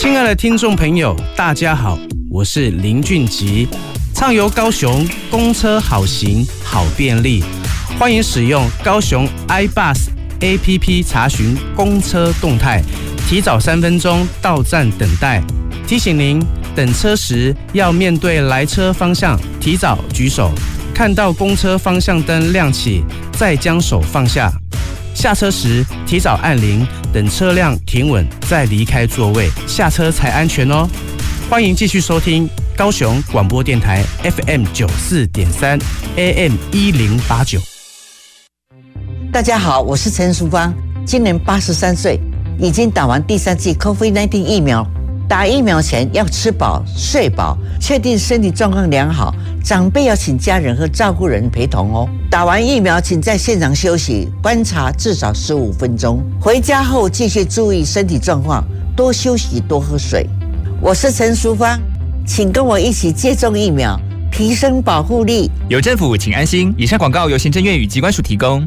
親愛的聽眾朋友，大家好，我是林俊傑。暢遊高雄，公車好行好便利，歡迎使用高雄 iBus APP 查詢公車動態，提早三分鐘到站等待。提醒您，等車時要面對來車方向，提早舉手，看到公車方向燈亮起，再將手放下。下車時提早按鈴，等車輛停穩再離開座位，下車才安全哦。歡迎繼續收聽高雄廣播電台 FM 九四點三，AM 一零八九。大家好，我是陳淑芳，今年八十三歲，已經打完第三劑 COVID nineteen 疫苗。打疫苗前要吃飽、睡飽，確定身體狀況良好。長輩要請家人和照顧人陪同哦。打完疫苗，請在現場休息觀察至少十五分鐘。回家後繼續注意身體狀況，多休息，多喝水。我是陳淑芳，請跟我一起接種疫苗，提升保護力。有政府，請安心。以上廣告由行政院與疾管署提供。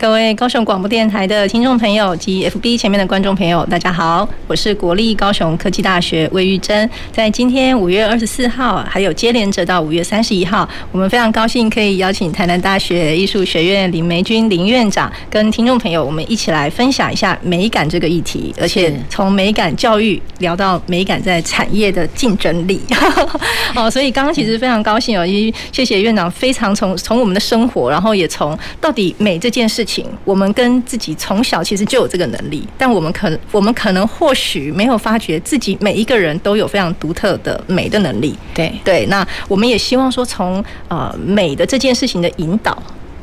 各位高雄廣播電台的聽眾朋友及 FB 前面的觀眾朋友，大家好，我是國立高雄科技大學魏裕珍。在今天五月二十四號，還有接連着到五月三十一號，我們非常高興可以邀請台南大學藝術學院林玫君林院長跟聽眾朋友我們一起來分享一下美感這個議題，而且從美感教育聊到美感在產業的競爭力。 哦，所以剛剛其實非常高興哦，也謝謝院長，非常從從我們的生活，然後也從到底美這件事。我們跟自己從小其實就有這個能力，但我們可能我們可能或許沒有發覺，自己每一個人都有非常獨特的美的能力。對對，那我們也希望說從，從呃美的這件事情的引導。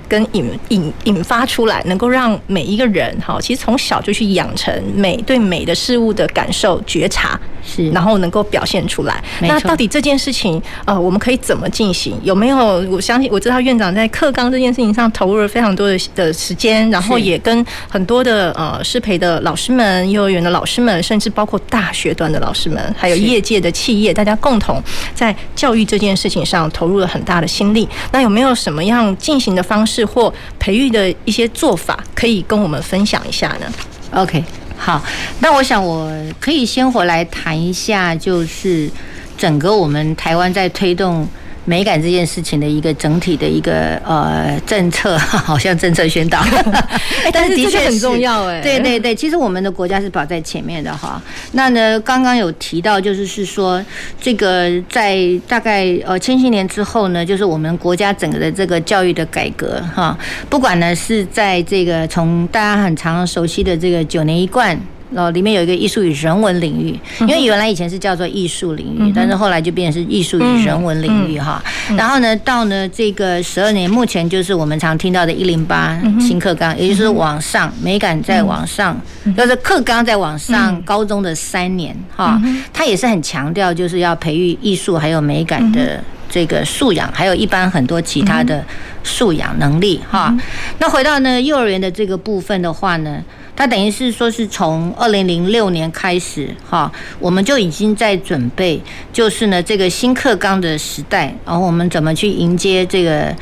跟引引引發出來，能夠讓每一個人哈，其實從小就去養成美對美的事物的感受覺察，是，然後能夠表現出來。錯那到底這件事情呃，我們可以怎麼進行？有沒有？我相信我知道院長在課綱這件事情上投入了非常多的的時間，然後也跟很多的呃師培的老師們、幼兒園的老師們，甚至包括大學端的老師們，還有業界的企業，是大家共同在教育這件事情上投入了很大的心力。那有沒有什麼樣進行的方式？是或培育的一些做法，可以跟我們分享一下呢？OK，好，那我想我可以先回來談一下，就是整個我們台灣在推動。美感這件事情的一個整體的一個呃政策，好像政策宣導， 但是的確很重要哎。 對對對，其實我們的國家是跑在前面的哈。那呢，剛剛有提到就是是說這個在大概呃千禧年之後呢，就是我們國家整個的這個教育的改革哈，不管呢是在這個從大家很常熟悉的這個九年一貫。哦，然後裡面有一個藝術與人文領域，因為原來以前是叫做藝術領域，但是後來就變成是藝術與人文領域哈。然後呢，到呢這個十二年，目前就是我們常聽到的一零八新課綱，也就是往上美感再往上，就是課綱再往上，高中的三年哈，它也是很強調就是要培育藝術還有美感的這個素養，還有一般很多其他的素養能力哈。那回到呢幼兒園的這個部分的話呢。它等於是說，是從二零零六年開始，哈，我們就已經在準備，就是呢，這個新課綱的時代，然後我們怎麼去迎接這個。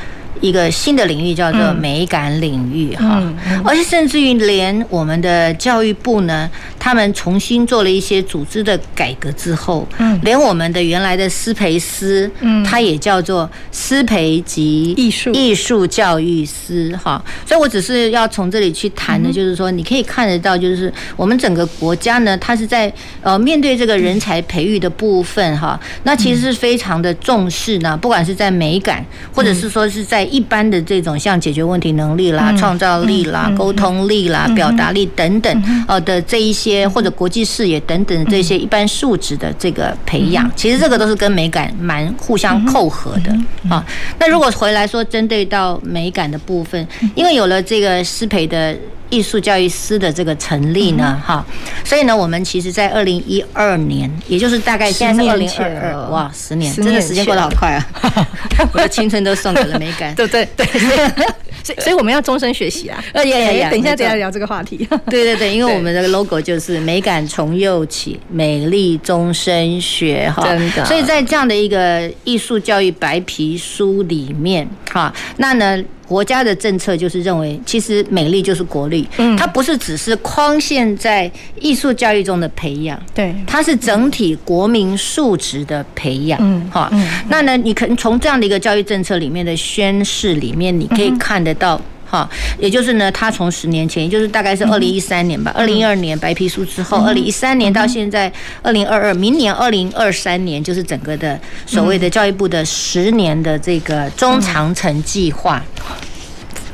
一個新的領域叫做美感領域哈，嗯嗯嗯、而且甚至於連我們的教育部呢，他們重新做了一些組織的改革之後，嗯、連我們的原來的師培司，嗯、他也叫做師培及藝術藝術教育司哈。所以我只是要從這裡去談的，嗯、就是說你可以看得到，就是我們整個國家呢，它是在呃面對這個人才培育的部分哈，嗯、那其實是非常的重視呢，不管是在美感、嗯、或者是說是在。一般的這種像解決問題能力啦、創造力啦、溝通力啦、表達力等等，呃的這一些或者國際視野等等這些一般素質的這個培養，其實這個都是跟美感蠻互相扣合的啊。那如果回來說，針對到美感的部分，因為有了這個師培的。藝術教育師的這個成立呢，哈、嗯，所以呢，我們其實，在二零一二年，也就是大概現在是二零二二，年哇，十年，十年真的時間過得好快啊！ 我的青春都送給了美感， 對對、對，所以， 所以，所以我們要終身學習啊！呃、啊，等一下，等一下再來聊這個話題。 對對對，因為我們的 logo 就是“美感從幼起，美麗終身學”哈。真的、哦，所以在這樣的一個藝術教育白皮書裡面，哈，那呢？國家的政策就是認為，其實美力就是國力，嗯、它不是只是框限在藝術教育中的培養，對，嗯、它是整體國民素質的培養，嗯嗯、哈，嗯、那呢，你可能從這樣的一個教育政策裡面的宣示裡面，你可以看得到、嗯。啊，也就是呢，他從十年前，也就是大概是二零一三年吧，二零一二年白皮書之後，二零一三年到現在二零二二，2022, 明年二零二三年就是整個的所謂的教育部的十年的這個中長程計劃。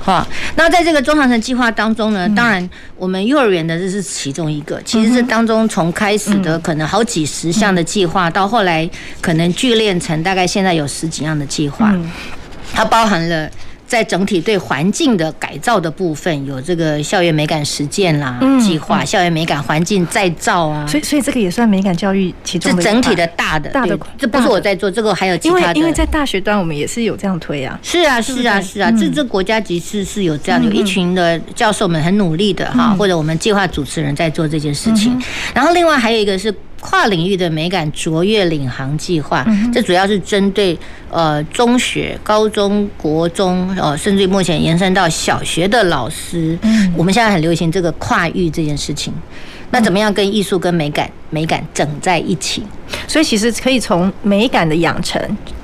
好、嗯，那在這個中長程計劃當中呢，嗯、當然我們幼兒園的這是其中一個，其實是當中從開始的可能好幾十項的計劃，到後來可能聚煉成大概現在有十幾樣的計劃，它包含了。在整體對環境的改造的部分，有這個校園美感實踐啦，計劃、嗯嗯、校園美感環境再造啊。所以，所以這個也算美感教育其中的。這整體的大的大的,對大的這不是我在做，這個還有其他的。因為,因為在大學端，我們也是有這樣推啊。是啊，是啊，是啊、嗯，這這國家級是是有這樣，有一群的教授們很努力的哈，嗯、或者我們計劃主持人在做這件事情。嗯、哼然後，另外還有一個是。跨領域的美感卓越領航計劃，這主要是針對呃中學、高中、國中，呃，甚至目前延伸到小學的老師。嗯，我們現在很流行這個跨域這件事情，那怎麼樣跟藝術跟美感、美感整在一起？所以其實可以從美感的養成。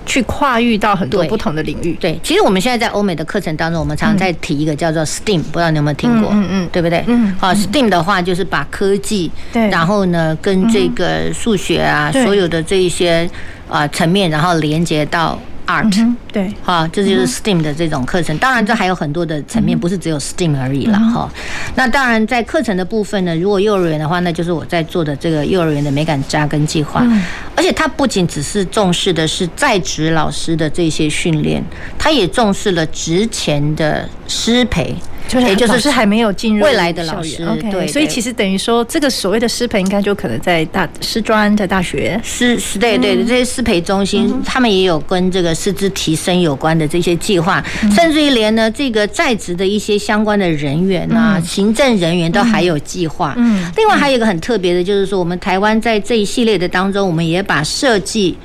去跨域到很多不同的領域對。對，其實我們現在在歐美的課程當中，我們常常在提一個叫做 STEAM，、嗯、不知道你有沒有聽過？嗯嗯，嗯對不對？嗯，好、嗯、，STEAM 的話就是把科技，對，然後呢跟這個數學啊，嗯、所有的這一些啊層、呃、面，然後連接到。Art、嗯、對，好，這就是 STEAM 的這種課程。嗯、哼當然，這還有很多的層面，不是只有 STEAM 而已了、嗯、哼哈。那當然，在課程的部分呢，如果幼兒園的話，那就是我在做的這個幼兒園的美感扎根計劃。嗯、而且，他不僅只是重視的是在職老師的這些訓練，他也重視了職前的師培。就是，就是，還沒有進入未來的老師，okay, 對,對，所以其實等於說，這個所謂的師培，應該就可能在大師專，的大學，是是對對這些師培中心，嗯、他們也有跟這個師資提升有關的這些計劃，嗯、甚至於連呢，這個在職的一些相關的人員啊，嗯、行政人員都還有計劃。嗯嗯、另外還有一個很特別的，就是說，我們台灣在這一系列的當中，我們也把設計，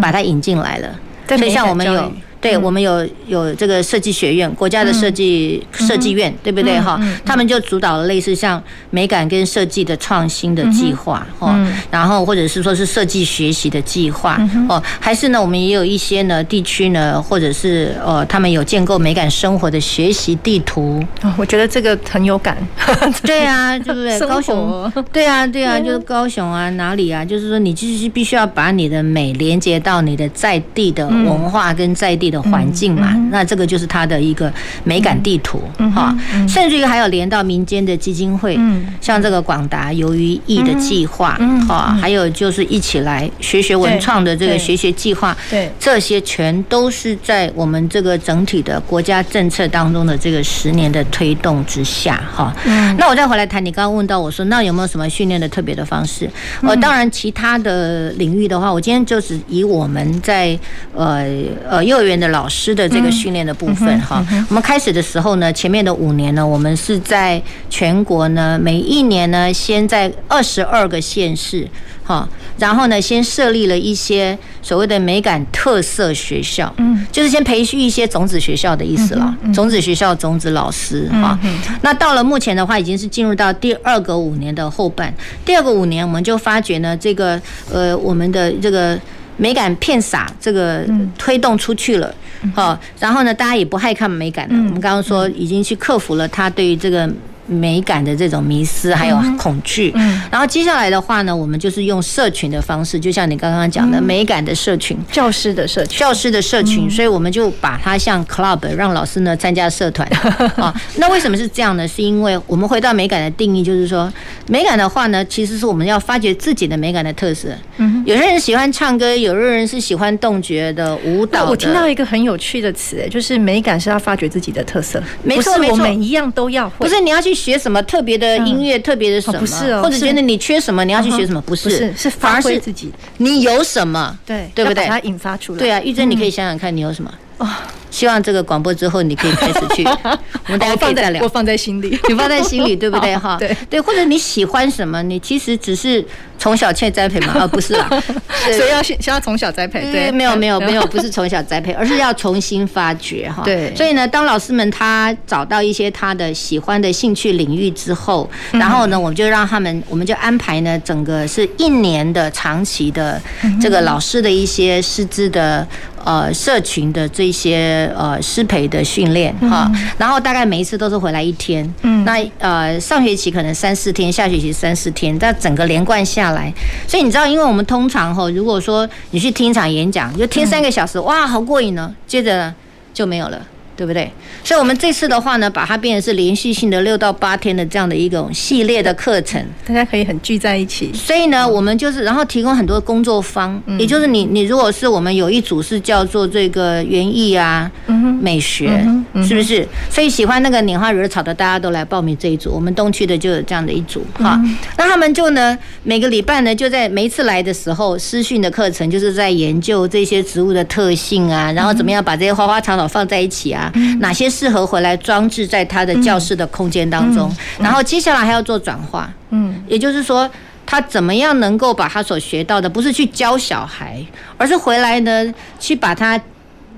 把它引進來了，嗯、所以像我們有。對我們有有這個設計學院，國家的設計、嗯、設計院，對不對哈？嗯嗯嗯、他們就主導了類似像美感跟設計的創新的計劃哦，嗯嗯、然後或者是說是設計學習的計劃哦，嗯、哼還是呢，我們也有一些呢地區呢，或者是呃，他們有建構美感生活的學習地圖。我覺得這個很有感。呵呵對啊，對不對？高雄。對啊，對啊，嗯、就是高雄啊，哪裡啊？就是說你就是必須要把你的美連接到你的在地的文化跟在地的。環境嘛，嗯嗯嗯、那這個就是它的一個美感地圖，哈、嗯，嗯嗯、甚至於還有連到民間的基金會，嗯、像這個廣達游於藝的計劃，哈、嗯，嗯嗯、還有就是一起來學學文創的這個學學計劃，對，對對這些全都是在我們這個整體的國家政策當中的這個十年的推動之下，哈、嗯，那我再回來談你剛剛問到我說，那有沒有什麼訓練的特別的方式？呃，當然其他的領域的話，我今天就是以我們在呃呃幼兒園的。老師的這個訓練的部分哈、嗯嗯嗯，我們開始的時候呢，前面的五年呢，我們是在全國呢，每一年呢，先在二十二個縣市哈，然後呢，先設立了一些所謂的美感特色學校，嗯、就是先培訓一些種子學校的意思了，嗯嗯、種子學校、種子老師哈。嗯嗯嗯、那到了目前的話，已經是進入到第二個五年的後半，第二個五年，我們就發覺呢，這個呃，我們的這個。美感 plus，這個推動出去了，好，嗯，然後呢，大家也不害怕美感了。嗯、我們剛剛說已經去克服了他對於這個。美感的這種迷思，還有恐懼。嗯嗯、然後接下來的話呢，我們就是用社群的方式，就像你剛剛講的，美感的社群，教師的社，群。教師的社群。所以我們就把它像 club，讓老師呢參加社團。啊、 哦，那為什麼是這樣呢？是因為我們回到美感的定義，就是說，美感的話呢，其實是我們要發掘自己的美感的特色。嗯，有些人喜歡唱歌，有的人是喜歡動覺的舞蹈的。我聽到一個很有趣的詞，就是美感是要發掘自己的特色。沒錯沒錯，每是錯一樣都要，不是你要去。學什麼特別的音樂，特別的什麼？不是哦，或者覺得你缺什麼，你要去學什麼？不是，不是，是，發揮自己。反而是你有什麼？對，對不對？要把它引發出來。對啊，玉珍，你可以想想看你有什麼。哦，希望這個廣播之後，你可以開始去，我們大家可以再聊。我放在心裡，你放在心裡，對不對？哈，對對，或者你喜歡什麼？你其實只是。從小欠栽培嘛，啊，不是啊，所以要先要從小栽培。對，沒有沒有沒有，不是從小栽培，而是要重新發掘哈。對，所以呢，當老師們他找到一些他的喜歡的興趣領域之後，然後呢，我們就讓他們，我們就安排呢，整個是一年的長期的這個老師的一些師資的呃社群的這些呃師培的訓練哈。然後大概每一次都是回來一天，嗯，那呃上學期可能三四天，下學期三四天，但整個連貫下。下來，所以你知道，因為我們通常哈、哦，如果說你去聽一場演講，你就聽三個小時，哇，好過癮哦。接着就沒有了。對不對？所以，我們這次的話呢，把它變成是連續性的六到八天的這樣的一種系列的課程，大家可以很聚在一起。所以呢，嗯、我們就是然後提供很多工作坊，也就是你你如果是我們有一組是叫做這個園藝啊，嗯、哼美學，嗯嗯、是不是？所以喜歡那個拈花惹草的，大家都來報名這一組。我們東區的就有這樣的一組哈。嗯嗯、哼那他們就呢，每個禮拜呢，就在每一次來的時候，私訓的課程就是在研究這些植物的特性啊，然後怎麼樣把這些花花草草放在一起啊。哪些適合回來裝置在他的教室的空間當中？然後接下來還要做轉化，嗯，也就是說，他怎麼樣能夠把他所學到的，不是去教小孩，而是回來呢，去把他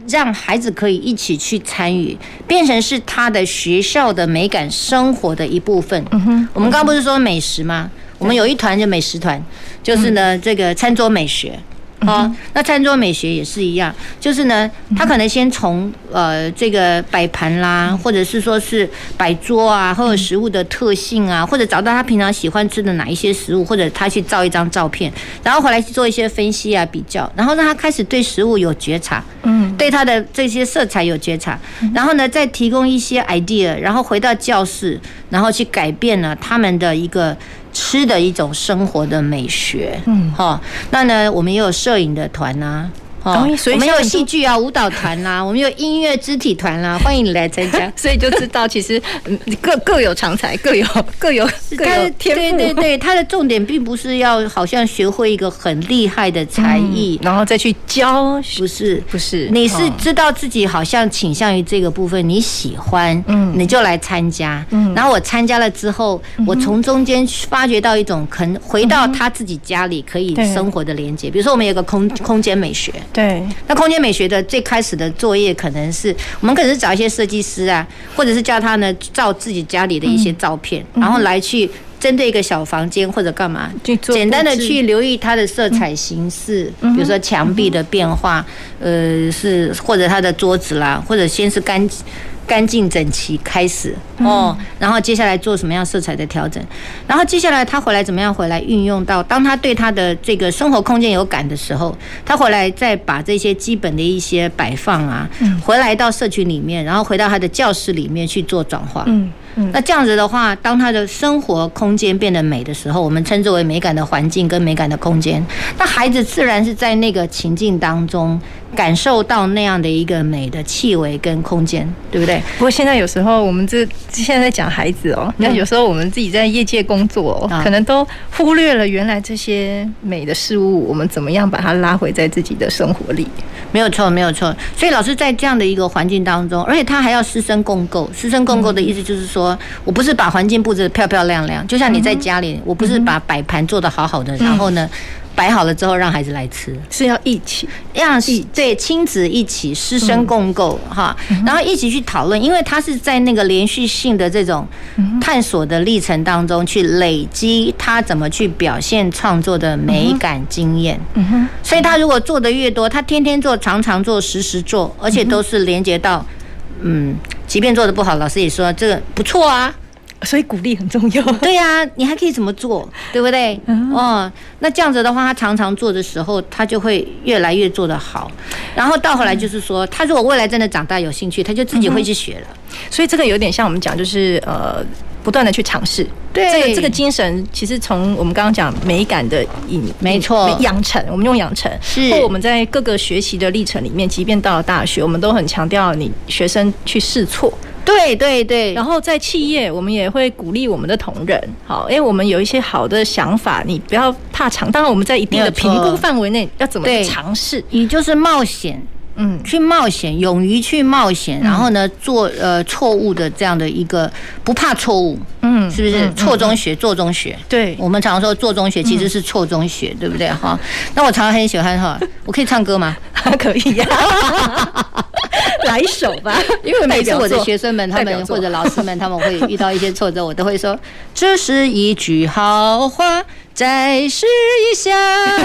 讓孩子可以一起去參與，變成是他的學校的美感生活的一部分。我們剛剛不是說美食嗎？我們有一團就美食團，就是呢，這個餐桌美學。啊，uh huh. 那餐桌美學也是一樣，就是呢，他可能先從呃這個擺盤啦、啊，或者是說是擺桌啊，或者食物的特性啊，或者找到他平常喜歡吃的哪一些食物，或者他去照一張照片，然後回來去做一些分析啊、比較，然後讓他開始對食物有覺察，嗯、uh，huh. 對他的這些色彩有覺察，然後呢再提供一些 idea，然後回到教室，然後去改變了、啊、他們的一個。吃的一種生活的美學，嗯，哈、哦，那呢，我們也有攝影的團啊。哦，我們有戲劇啊，舞蹈團啦、啊，我們有音樂肢體團啦、啊，歡迎你來參加呵呵。所以就知道其實各各有長才，各有各有各有的天賦母。對對對，他的重點並不是要好像學會一個很厲害的才藝、嗯，然後再去教，不是不是。不是你是知道自己好像傾向於這個部分，你喜歡，嗯、你就來參加。嗯、然後我參加了之後，嗯、我從中間發掘到一種，可能回到他自己家裡可以生活的連接。嗯、比如說我們有個空空間美學。對，那空間美學的最開始的作業可能是，我們可能是找一些設計師啊，或者是叫他呢照自己家裡的一些照片，嗯、然後來去針對一個小房間或者幹嘛，簡單的去留意它的色彩形式，嗯、比如說牆壁的變化，嗯、呃，是或者他的桌子啦，或者先是乾。乾淨整齊開始哦，然後接下來做什麼樣色彩的調整，然後接下來他回來怎麼樣回來運用到，當他對他的這個生活空間有感的時候，他回來再把這些基本的一些擺放啊，回來到社區裡面，然後回到他的教室裡面去做轉化。嗯嗯，那這樣子的話，當他的生活空間變得美的時候，我們稱之為美感的環境跟美感的空間，那孩子自然是在那個情境當中。感受到那樣的一個美的氣味跟空間，對不對？不過現在有時候我們這現在在講孩子哦，那、嗯、有時候我們自己在業界工作、哦，嗯、可能都忽略了原來這些美的事物，我們怎麼樣把它拉回在自己的生活裡？沒有錯，沒有錯。所以老師在這樣的一個環境當中，而且他還要師生共構。師生共構的意思就是說，嗯、我不是把環境布置得漂漂亮亮，就像你在家裡，嗯、我不是把擺盤做得好好的，嗯、然後呢？擺好了之後，讓孩子來吃，是要一起，要一對親子一起，師生共構哈，然後一起去討論，因為他是在那個連續性的這種探索的歷程當中去累積他怎麼去表現創作的美感經驗。嗯嗯嗯，所以他如果做得越多，他天天做，常常做，時時做，而且都是連接到，嗯，即便做得不好，老師也說這個不錯啊。所以鼓勵很重要。對呀、啊，你還可以怎麼做，對不對？嗯、哦，那這樣子的話，他常常做的時候，他就會越來越做得好。然後到後來就是說，嗯、他如果未來真的長大有興趣，他就自己會去學了。所以這個有點像我們講，就是呃，不斷的去嘗試。對，這個這個精神，其實從我們剛剛講美感的引，沒錯，養成。我們用養成，是。或我們在各個學習的歷程裡面，即便到了大學，我們都很強調你學生去試錯。對對對，然後在企業，我們也會鼓勵我們的同仁，好，因為我們有一些好的想法，你不要怕嘗。當然，我們在一定的評估範圍內，要怎麼去嘗試？你就是冒險，嗯，去冒險，勇於去冒險，然後呢，做呃錯誤的這樣的一個不怕錯誤，嗯，是不是、嗯嗯嗯錯？錯中學，做中學。對，我們常常說做中學，其實是錯中學，嗯、對不對？哈、哦，那我常常很喜歡哈， 我可以唱歌嗎？啊、可以呀、啊。 來一首吧，因為每次我的學生們他們或者老師們他們會遇到一些挫折，我都會說：“這是一句好話，再試一下，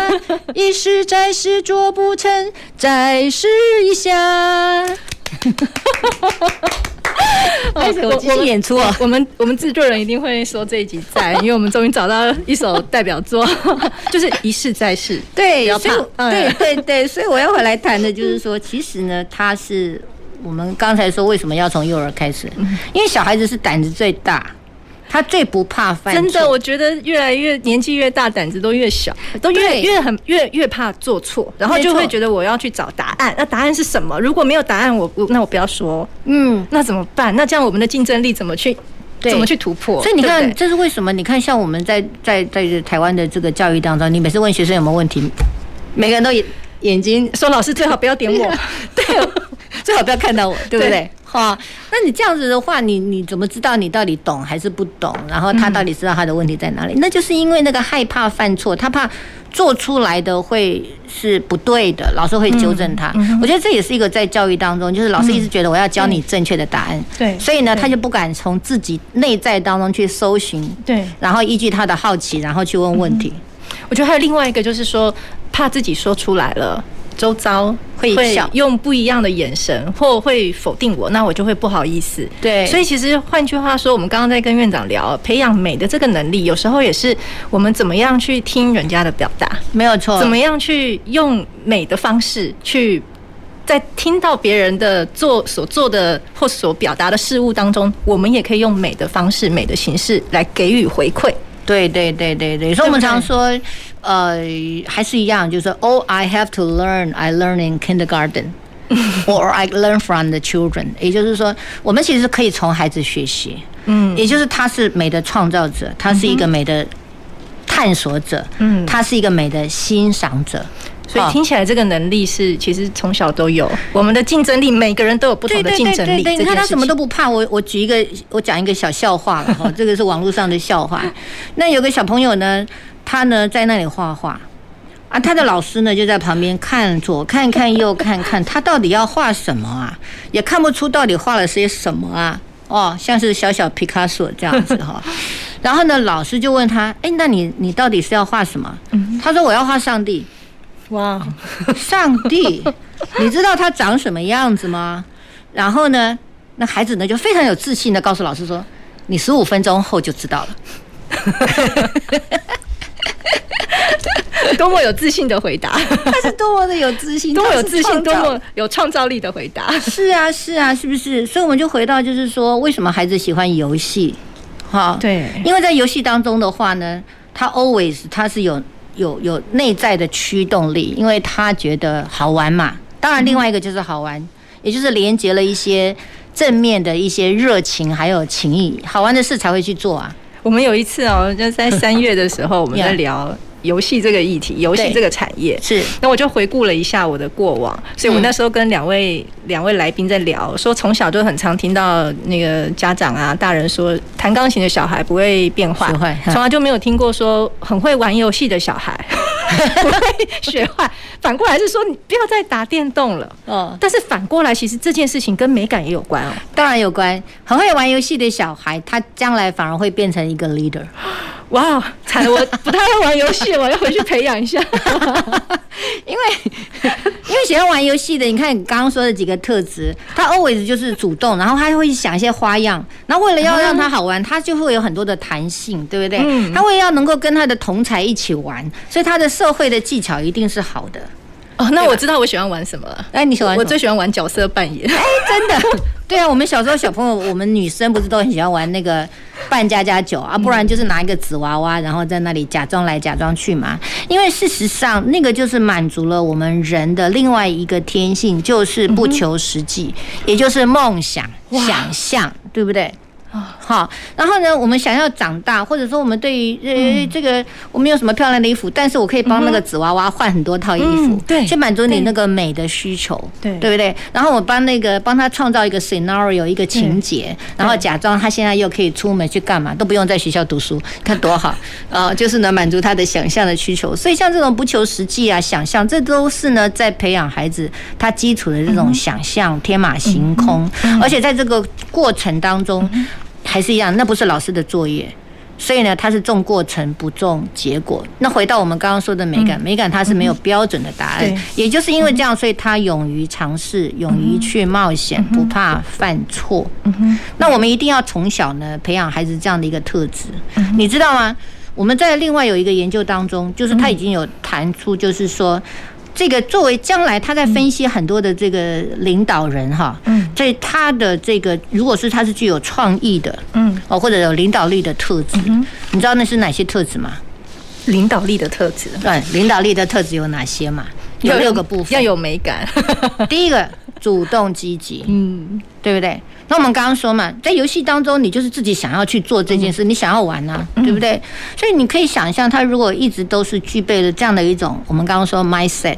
一試再試，做不成，再試一下。” 開始，我繼續演出啊、哦！我們我們制作人一定會說這一集在，因為我們終於找到一首代表作，就是一試再試。 對，所以對對對，所以我要回來談的就是說， 其實呢，他是我們剛才說為什麼要從幼兒開始，因為小孩子是膽子最大。他最不怕犯錯，真的，我覺得越來越年紀越大，膽子都越小，都越對越很越越怕做錯，然後就會覺得我要去找答案。沒錯那答案是什麼？如果沒有答案，我那我不要說。嗯，那怎麼辦？那這樣我們的競爭力怎麼去對怎麼去突破？所以你看，對不對？這是為什麼？你看，像我們在在在台灣的這個教育當中，你每次問學生有沒有問題，每個人都眼睛說老師最好不要點我。 對哦最好不要看到我，對不對？好對、啊，那你這樣子的話，你你怎麼知道你到底懂還是不懂？然後他到底知道他的問題在哪裡？嗯、那就是因為那個害怕犯錯，他怕做出來的會是不對的，老師會糾正他。嗯嗯、我覺得這也是一個在教育當中，就是老師一直覺得我要教你正確的答案，對、嗯，所以呢，他就不敢從自己內在當中去搜尋，對，然後依據他的好奇，然後去問問題、嗯。我覺得還有另外一個就是說，怕自己說出來了。周遭會用不一樣的眼神，或會否定我，那我就會不好意思。對，所以其實換句話說，我們剛剛在跟院長聊，培養美的這個能力，有時候也是我們怎麼樣去聽人家的表達，沒有錯。怎麼樣去用美的方式去在聽到別人的做所做的或所表達的事物當中，我們也可以用美的方式、美的形式來給予回饋。對對對對對，所以我們常說。呃，uh, 還是一樣，就是說 Oh, I have to learn. I learn in kindergarten，or I learn from the children。也就是說，我們其實可以從孩子學習，嗯，也就是他是美的創造者，他是一個美的探索者，嗯，他是，嗯，他是一個美的欣賞者。所以聽起來，這個能力是其實從小都有。我們的競爭力，每個人都有不同的競爭力。你看他什麼都不怕。我我舉一個，我講一個小笑話了哈， 這個是網絡上的笑話。那有個小朋友呢。他呢，在那裡畫畫，啊，他的老師呢就在旁邊看，左看看右看看，他到底要畫什麼啊？也看不出到底畫了些什麼啊？哦，像是小小畢卡索這樣子哈、哦。 然後呢，老師就問他：“哎，那你你到底是要畫什麼？”他說：“我要畫上帝。”哇，上帝，你知道他長什麼樣子嗎？然後呢，那孩子呢就非常有自信地告訴老師說：“你十五分鐘後就知道了。” 多麼有自信的回答！他是多麼的有自信，多麼，多麼有自信，多麼有創造力的回答。是啊，是啊，是不是？所以我們就回到，就是說，為什麼孩子喜歡遊戲？好，對，因為在遊戲當中的話呢，他 always 他是有有有內在的驅動力，因為他覺得好玩嘛。當然，另外一個就是好玩，嗯、也就是連接了一些正面的一些熱情，還有情誼，好玩的事才會去做啊。我們有一次哦，就是，在三月的時候， 我們在聊。Yeah. 遊戲這個議題，遊戲這個產業是。那我就回顧了一下我的過往，是所以我那時候跟兩位兩位來賓在聊，嗯、說從小就很常聽到那個家長啊、大人說，彈鋼琴的小孩不會變壞，從來就沒有聽過說很會玩遊戲的小孩、嗯、不會學壞。反過來是說，你不要再打電動了。哦、嗯。但是反過來，其實這件事情跟美感也有關哦。當然有關。很會玩遊戲的小孩，他將來反而會變成一個 leader。哇，哦，慘！我不太會玩遊戲，我要回去培養一下。 因為，因為喜歡玩遊戲的，你看你剛剛說的幾個特質，他 always 就是主動，然後他會想一些花樣，然後為了要讓他好玩，嗯、他就會有很多的彈性，對不對？嗯、他為了要能夠跟他的同儕一起玩，所以他的社會的技巧一定是好的。哦，那我知道我喜歡玩什麼了。哎吧、欸，你喜歡？我最喜歡玩角色扮演。哎、欸，真的、啊， 對啊，我們小時候小朋友，我們女生不是都很喜歡玩那個扮家家酒啊？不然就是拿一個紙娃娃，然後在那裡假裝來假裝去嘛。因為事實上，那個就是滿足了我們人的另外一個天性，就是不求實際，嗯、哼也就是夢想、哇想象像，對不對？好，然後呢，我們想要長大，或者說我們對於呃、嗯、這個我沒有什麼漂亮的衣服，但是我可以幫那個紙娃娃換很多套衣服，嗯、對，去滿足你那個美的需求，對，對不對？然後我幫那個幫他創造一個 scenario 一個情節，對然後假裝他現在又可以出門去幹嘛，都不用在學校讀書，看多好啊、 呃！就是能滿足他的想象的需求。所以像這種不求實際啊，想象，這都是呢在培養孩子他基礎的這種想象，嗯、天馬行空，嗯嗯、而且在這個過程當中。嗯還是一樣，那不是老師的作業，所以呢，他是重過程不重結果。那回到我們剛剛說的美感，嗯、美感它是沒有標準的答案，對也就是因為這樣，嗯、所以他勇於嘗試，勇於去冒險，嗯、不怕犯錯。嗯、那我們一定要從小呢培養孩子這樣的一個特質，嗯、你知道嗎？我們在另外有一個研究當中，就是他已經有談出，就是說。這個作為將來，他在分析很多的這個領導人哈、哦，嗯，在他的這個，如果是他是具有創意的，嗯，哦，或者有領導力的特質，嗯、哼你知道那是哪些特質嗎？領導力的特質，對，領導力的特質有哪些嘛？有六個部分，要，要有美感。 第一個，主動積極，嗯，對不對？那我們剛剛說嘛，在遊戲當中，你就是自己想要去做這件事，嗯、你想要玩吶、啊，對不對？嗯、所以你可以想象，他如果一直都是具備了這樣的一種，我們剛剛說 mindset，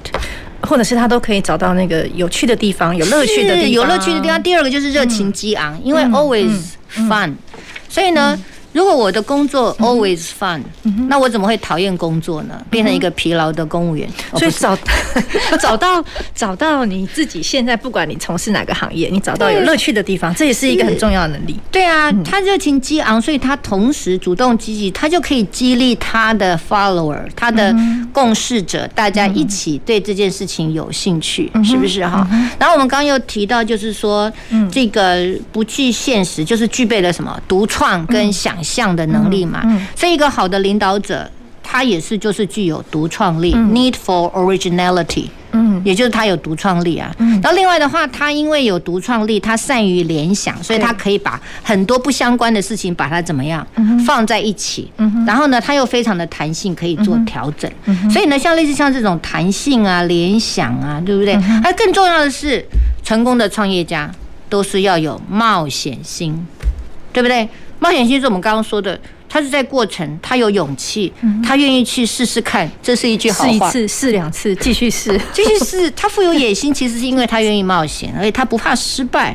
或者是他都可以找到那個有趣的地方、有樂趣的地方、有樂趣的地方。第二個就是熱情激昂，嗯、因為 always fun，、嗯嗯、所以呢。嗯如果我的工作 always fun，、嗯、哼那我怎麼會討厭工作呢？變成一個疲勞的公務員？嗯哼哦、所以找到 找到找到你自己，現在不管你從事哪個行業，你找到有樂趣的地方，對這也是一個很重要的能力。是對啊，他熱情激昂，所以他同時主動積極，他就可以激勵他的 follower，他的共事者，嗯、哼大家一起對這件事情有興趣，嗯、哼是不是哈？嗯、哼然後我們剛剛又提到，就是說這個不懼現實，就是具備了什麼獨創跟想像。嗯像的能力嘛，嗯嗯、所以一個好的領導者，他也是就是具有獨創力、嗯、need for originality，嗯，也就是他有獨創力啊。嗯、然後另外的話，他因為有獨創力，他善於聯想，所以他可以把很多不相關的事情把它怎麼樣放在一起。嗯，嗯，然後呢，他又非常的彈性，可以做調整。嗯嗯、所以呢，像類似像這種彈性啊、聯想啊，對不對？嗯、哼而更重要的是，成功的創業家都是要有冒險心，對不對？冒險心是我們剛剛說的，他是在過程，他有勇氣，他願意去試試看，這是一句好話、嗯。試一次，試兩次，繼續試， 繼續試。他富有野心，其實是因為他願意冒險，而且他不怕失敗，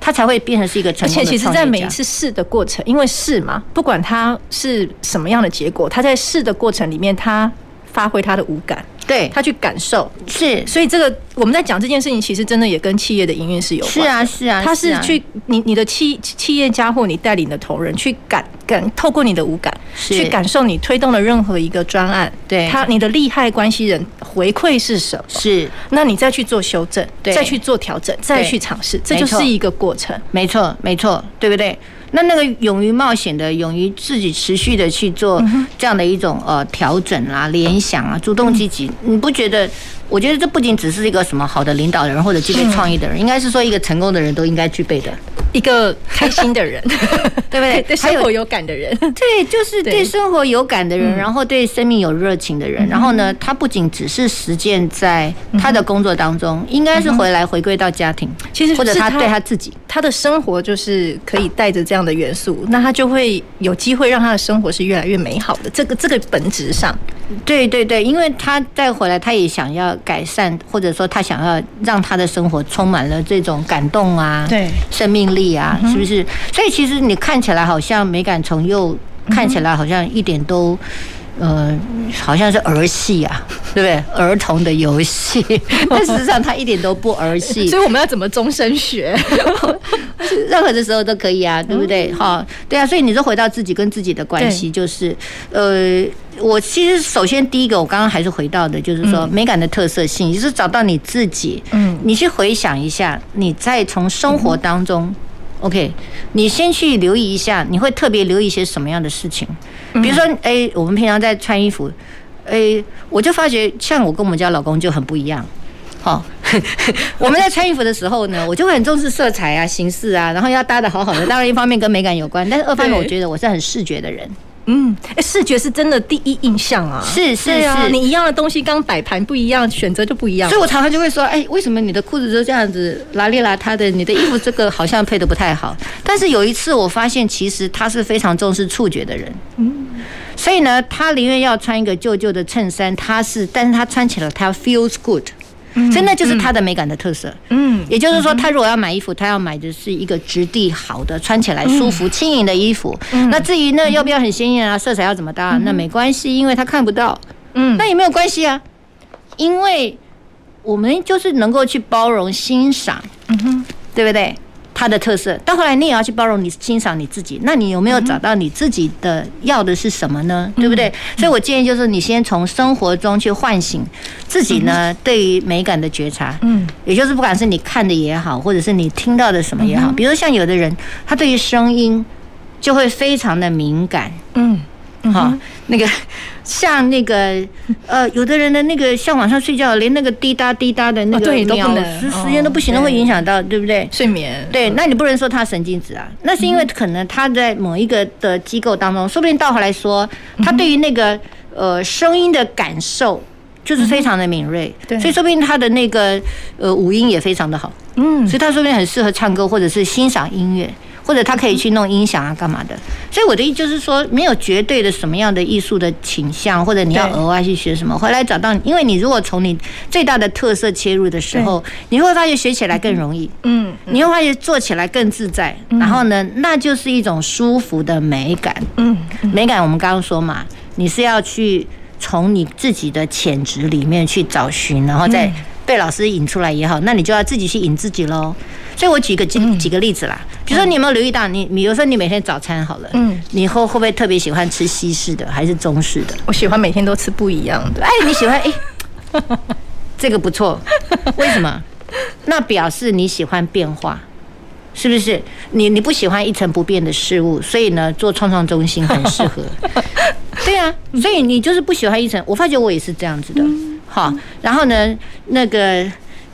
他才會變成是一個成功的創業家。而且其實在每一次試的過程，因為試嘛，不管他是什麼樣的結果，他在試的過程裡面，他發揮他的五感。對他去感受是，所以這個我們在講這件事情，其實真的也跟企業的營運是有關係。是啊，是啊，他是去你你的企企業家或你帶領的同仁去感感，透過你的五感是去感受你推動的任何一個專案，對他你的利害關係人回饋是什麼？是，那你再去做修正，對再去做調整，再去嘗試，這就是一個過程。沒錯，沒錯，對不對？那那個勇於冒險的，勇於自己持續的去做這樣的一種呃調整啦、啊、聯想啊，主動積極，你不覺得？我覺得這不僅只是一個什麼好的領導人或者具備創意的人，嗯、應該是說一個成功的人都應該具備的一個開心的人， 對不對？對生活有感的人，對，就是對生活有感的人，對然後對生命有熱情的人，嗯、哼然後呢，他不僅只是實踐在他的工作當中，嗯、哼應該是回來回歸到家庭，其實或者他對他自己，他的生活就是可以帶着這樣的元素，那他就會有機會讓他的生活是越來越美好的。這個這個本質上。對對對，因為他再回來，他也想要改善，或者說他想要讓他的生活充滿了這種感動啊，對生命力啊，是不是？嗯、哼所以其實你看起來好像美感從幼，嗯、哼看起來好像一點都，呃，好像是兒戲啊，對不對？兒童的遊戲， 但事實上他一點都不兒戲，所以我們要怎麼終身學？ 任何的時候都可以啊，對不對？嗯、好，對啊，所以你說回到自己跟自己的關係，就是對呃。我其實首先第一個，我剛剛還是回到的，就是說美感的特色性，嗯、就是找到你自己。嗯，你去回想一下，你再從生活當中，嗯、哼，OK，你先去留意一下，你會特別留意一些什麼樣的事情？比如說，哎、嗯，我們平常在穿衣服，哎，我就發覺像我跟我們家老公就很不一樣。好，哦， 我們在穿衣服的時候呢，我就會很重視色彩啊，形式啊，然後要搭得好好的。當然，一方面跟美感有關，但是二方面，我覺得我是很視覺的人。嗯誒，視覺是真的第一印象啊，是是啊，是你一樣的東西剛擺盤不一樣，選擇就不一樣。所以我常常就會說，哎，為什麼你的褲子就這樣子邋裡邋遢的？你的衣服這個好像配得不太好。 但是有一次我發現，其實他是非常重視觸覺的人，嗯，所以呢，他寧願要穿一個舊舊的襯衫，他是，但是他穿起來他 feels good。真的就是他的美感的特色，嗯，也就是說，他如果要買衣服，他要買的是一個質地好的、穿起來舒服、輕盈的衣服。那至於那要不要很鮮豔啊，色彩要怎麼搭，那沒關係，因為他看不到，嗯，那也沒有關係啊，因為我們就是能夠去包容、欣賞，嗯哼，對不對？它的特色，到後來你也要去包容、你欣賞你自己。那你有沒有找到你自己的要的是什麼呢？嗯、對不對？所以我建議就是你先從生活中去喚醒自己呢、嗯、對於美感的覺察。嗯，也就是不管是你看的也好，或者是你聽到的什麼也好，比如像有的人，他對於聲音就會非常的敏感。嗯。嗯嗯、好，那個像那個呃，有的人的那個像晚上睡覺，連那個滴答滴答的那個秒時、哦、時間都不行的，哦、都會影響到對不對？睡眠對，那你不能說他神經質啊，那是因為可能他在某一個的機構當中，嗯、哼說不定倒過來說，他對於那個呃聲音的感受就是非常的敏銳，嗯、對，所以說不定他的那個呃五音也非常的好，嗯，所以他說不定很適合唱歌或者是欣賞音樂。或者他可以去弄音響啊，幹嘛的？所以我的意思就是說，沒有絕對的什麼樣的藝術的傾向，或者你要額外去學什麼，回來找到你。因為你如果從你最大的特色切入的時候，你會發現學起來更容易。嗯，你會發現做起來更自在。然後呢，那就是一種舒服的美感。嗯，美感我們剛剛說嘛，你是要去從你自己的潛質裡面去找尋，然後再被老師引出來也好，那你就要自己去引自己嘍。所以我舉個舉個例子啦，比如說你有沒有留意到，你，你比如說你每天早餐好了，嗯，你以後會不會特別喜歡吃西式的還是中式的？我喜歡每天都吃不一樣的。哎，你喜歡哎，這個不錯，為什麼？那表示你喜歡變化，是不是？你你不喜歡一成不變的事物，所以呢，做創創中心很適合。對啊，所以你就是不喜歡一成。我發覺我也是這樣子的。嗯、好，然後呢，那個。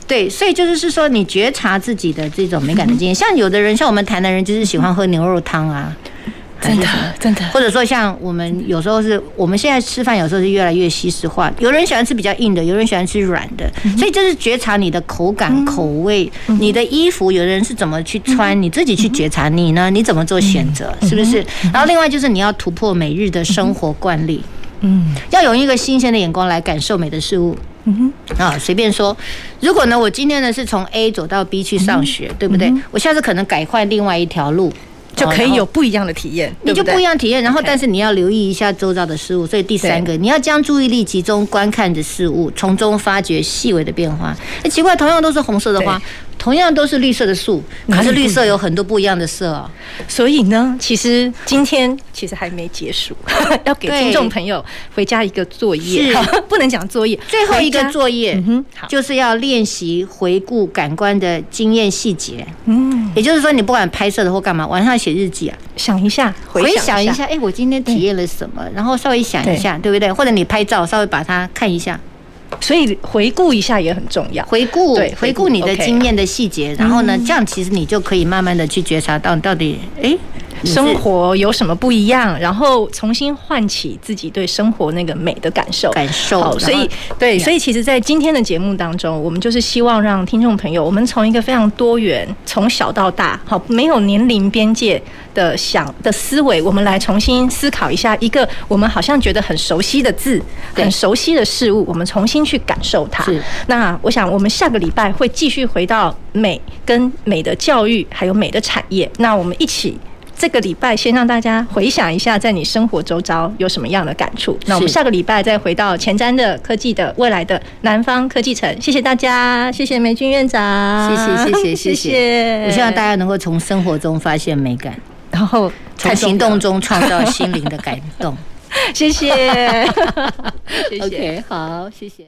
對，所以就是是說，你覺察自己的這種美感的經驗，像有的人，像我們台南人，就是喜歡喝牛肉湯啊，真的真的。或者說，像我們有時候是，我們現在吃飯有時候是越來越西式化，有人喜歡吃比較硬的，有人喜歡吃軟的，所以就是覺察你的口感、口味，你的衣服，有的人是怎麼去穿，你自己去覺察。你呢？你怎麼做選擇，是不是？然後另外就是你要突破每日的生活慣例。嗯，要用一個新鮮的眼光來感受美的事物。嗯哼，啊，隨便說，如果呢，我今天呢是從 A 走到 B 去上學，嗯、對不對？我下次可能改換另外一條路，嗯、哼後就可以有不一樣的體驗。後你就不一樣體驗，對對然後但是你要留意一下周遭的事物。所以第三個，對你要將注意力集中觀看着事物，從中發掘細微的變化。那、欸、奇怪，同樣都是紅色的花。同樣都是綠色的樹，可是綠色有很多不一樣的色啊。所以呢，其實今天其實還沒結束，要給聽眾朋友回家一個作業，是不能講作業，最後一個作業，嗯哼，就是要練習回顧感官的經驗細節。嗯，也就是說，你不管拍攝的或幹嘛，晚上寫日記啊，想一下，回想一下，哎，我今天體驗了什麼，然後稍微想一下，對不對？或者你拍照，稍微把它看一下。所以回顧一下也很重要。回顧顧對，回顧顧你的經驗的細節，Okay. 然後呢，這樣其實你就可以慢慢的去覺察到，到底誒，欸生活有什麼不一樣？然後重新喚起自己對生活那個美的感受感受。好，所以對，所以其實，在今天的節目當中，我們就是希望讓聽眾朋友，我們從一個非常多元、從小到大，好沒有年齡邊界的想的思維，我們來重新思考一下一個我們好像覺得很熟悉的字，對很熟悉的事物，我們重新去感受它。是那我想，我們下個禮拜會繼續回到美跟美的教育，還有美的產業。那我們一起。這個禮拜先讓大家回想一下，在你生活周遭有什麼樣的感觸。是那我們下個禮拜再回到前瞻的科技的未來的南方科技城。謝謝大家，謝謝玫君院長，謝謝謝謝謝謝。謝謝謝謝，我希望大家能夠從生活中發現美感，然後從行動中創造心靈的感動。重 謝謝 ，OK，好，謝謝。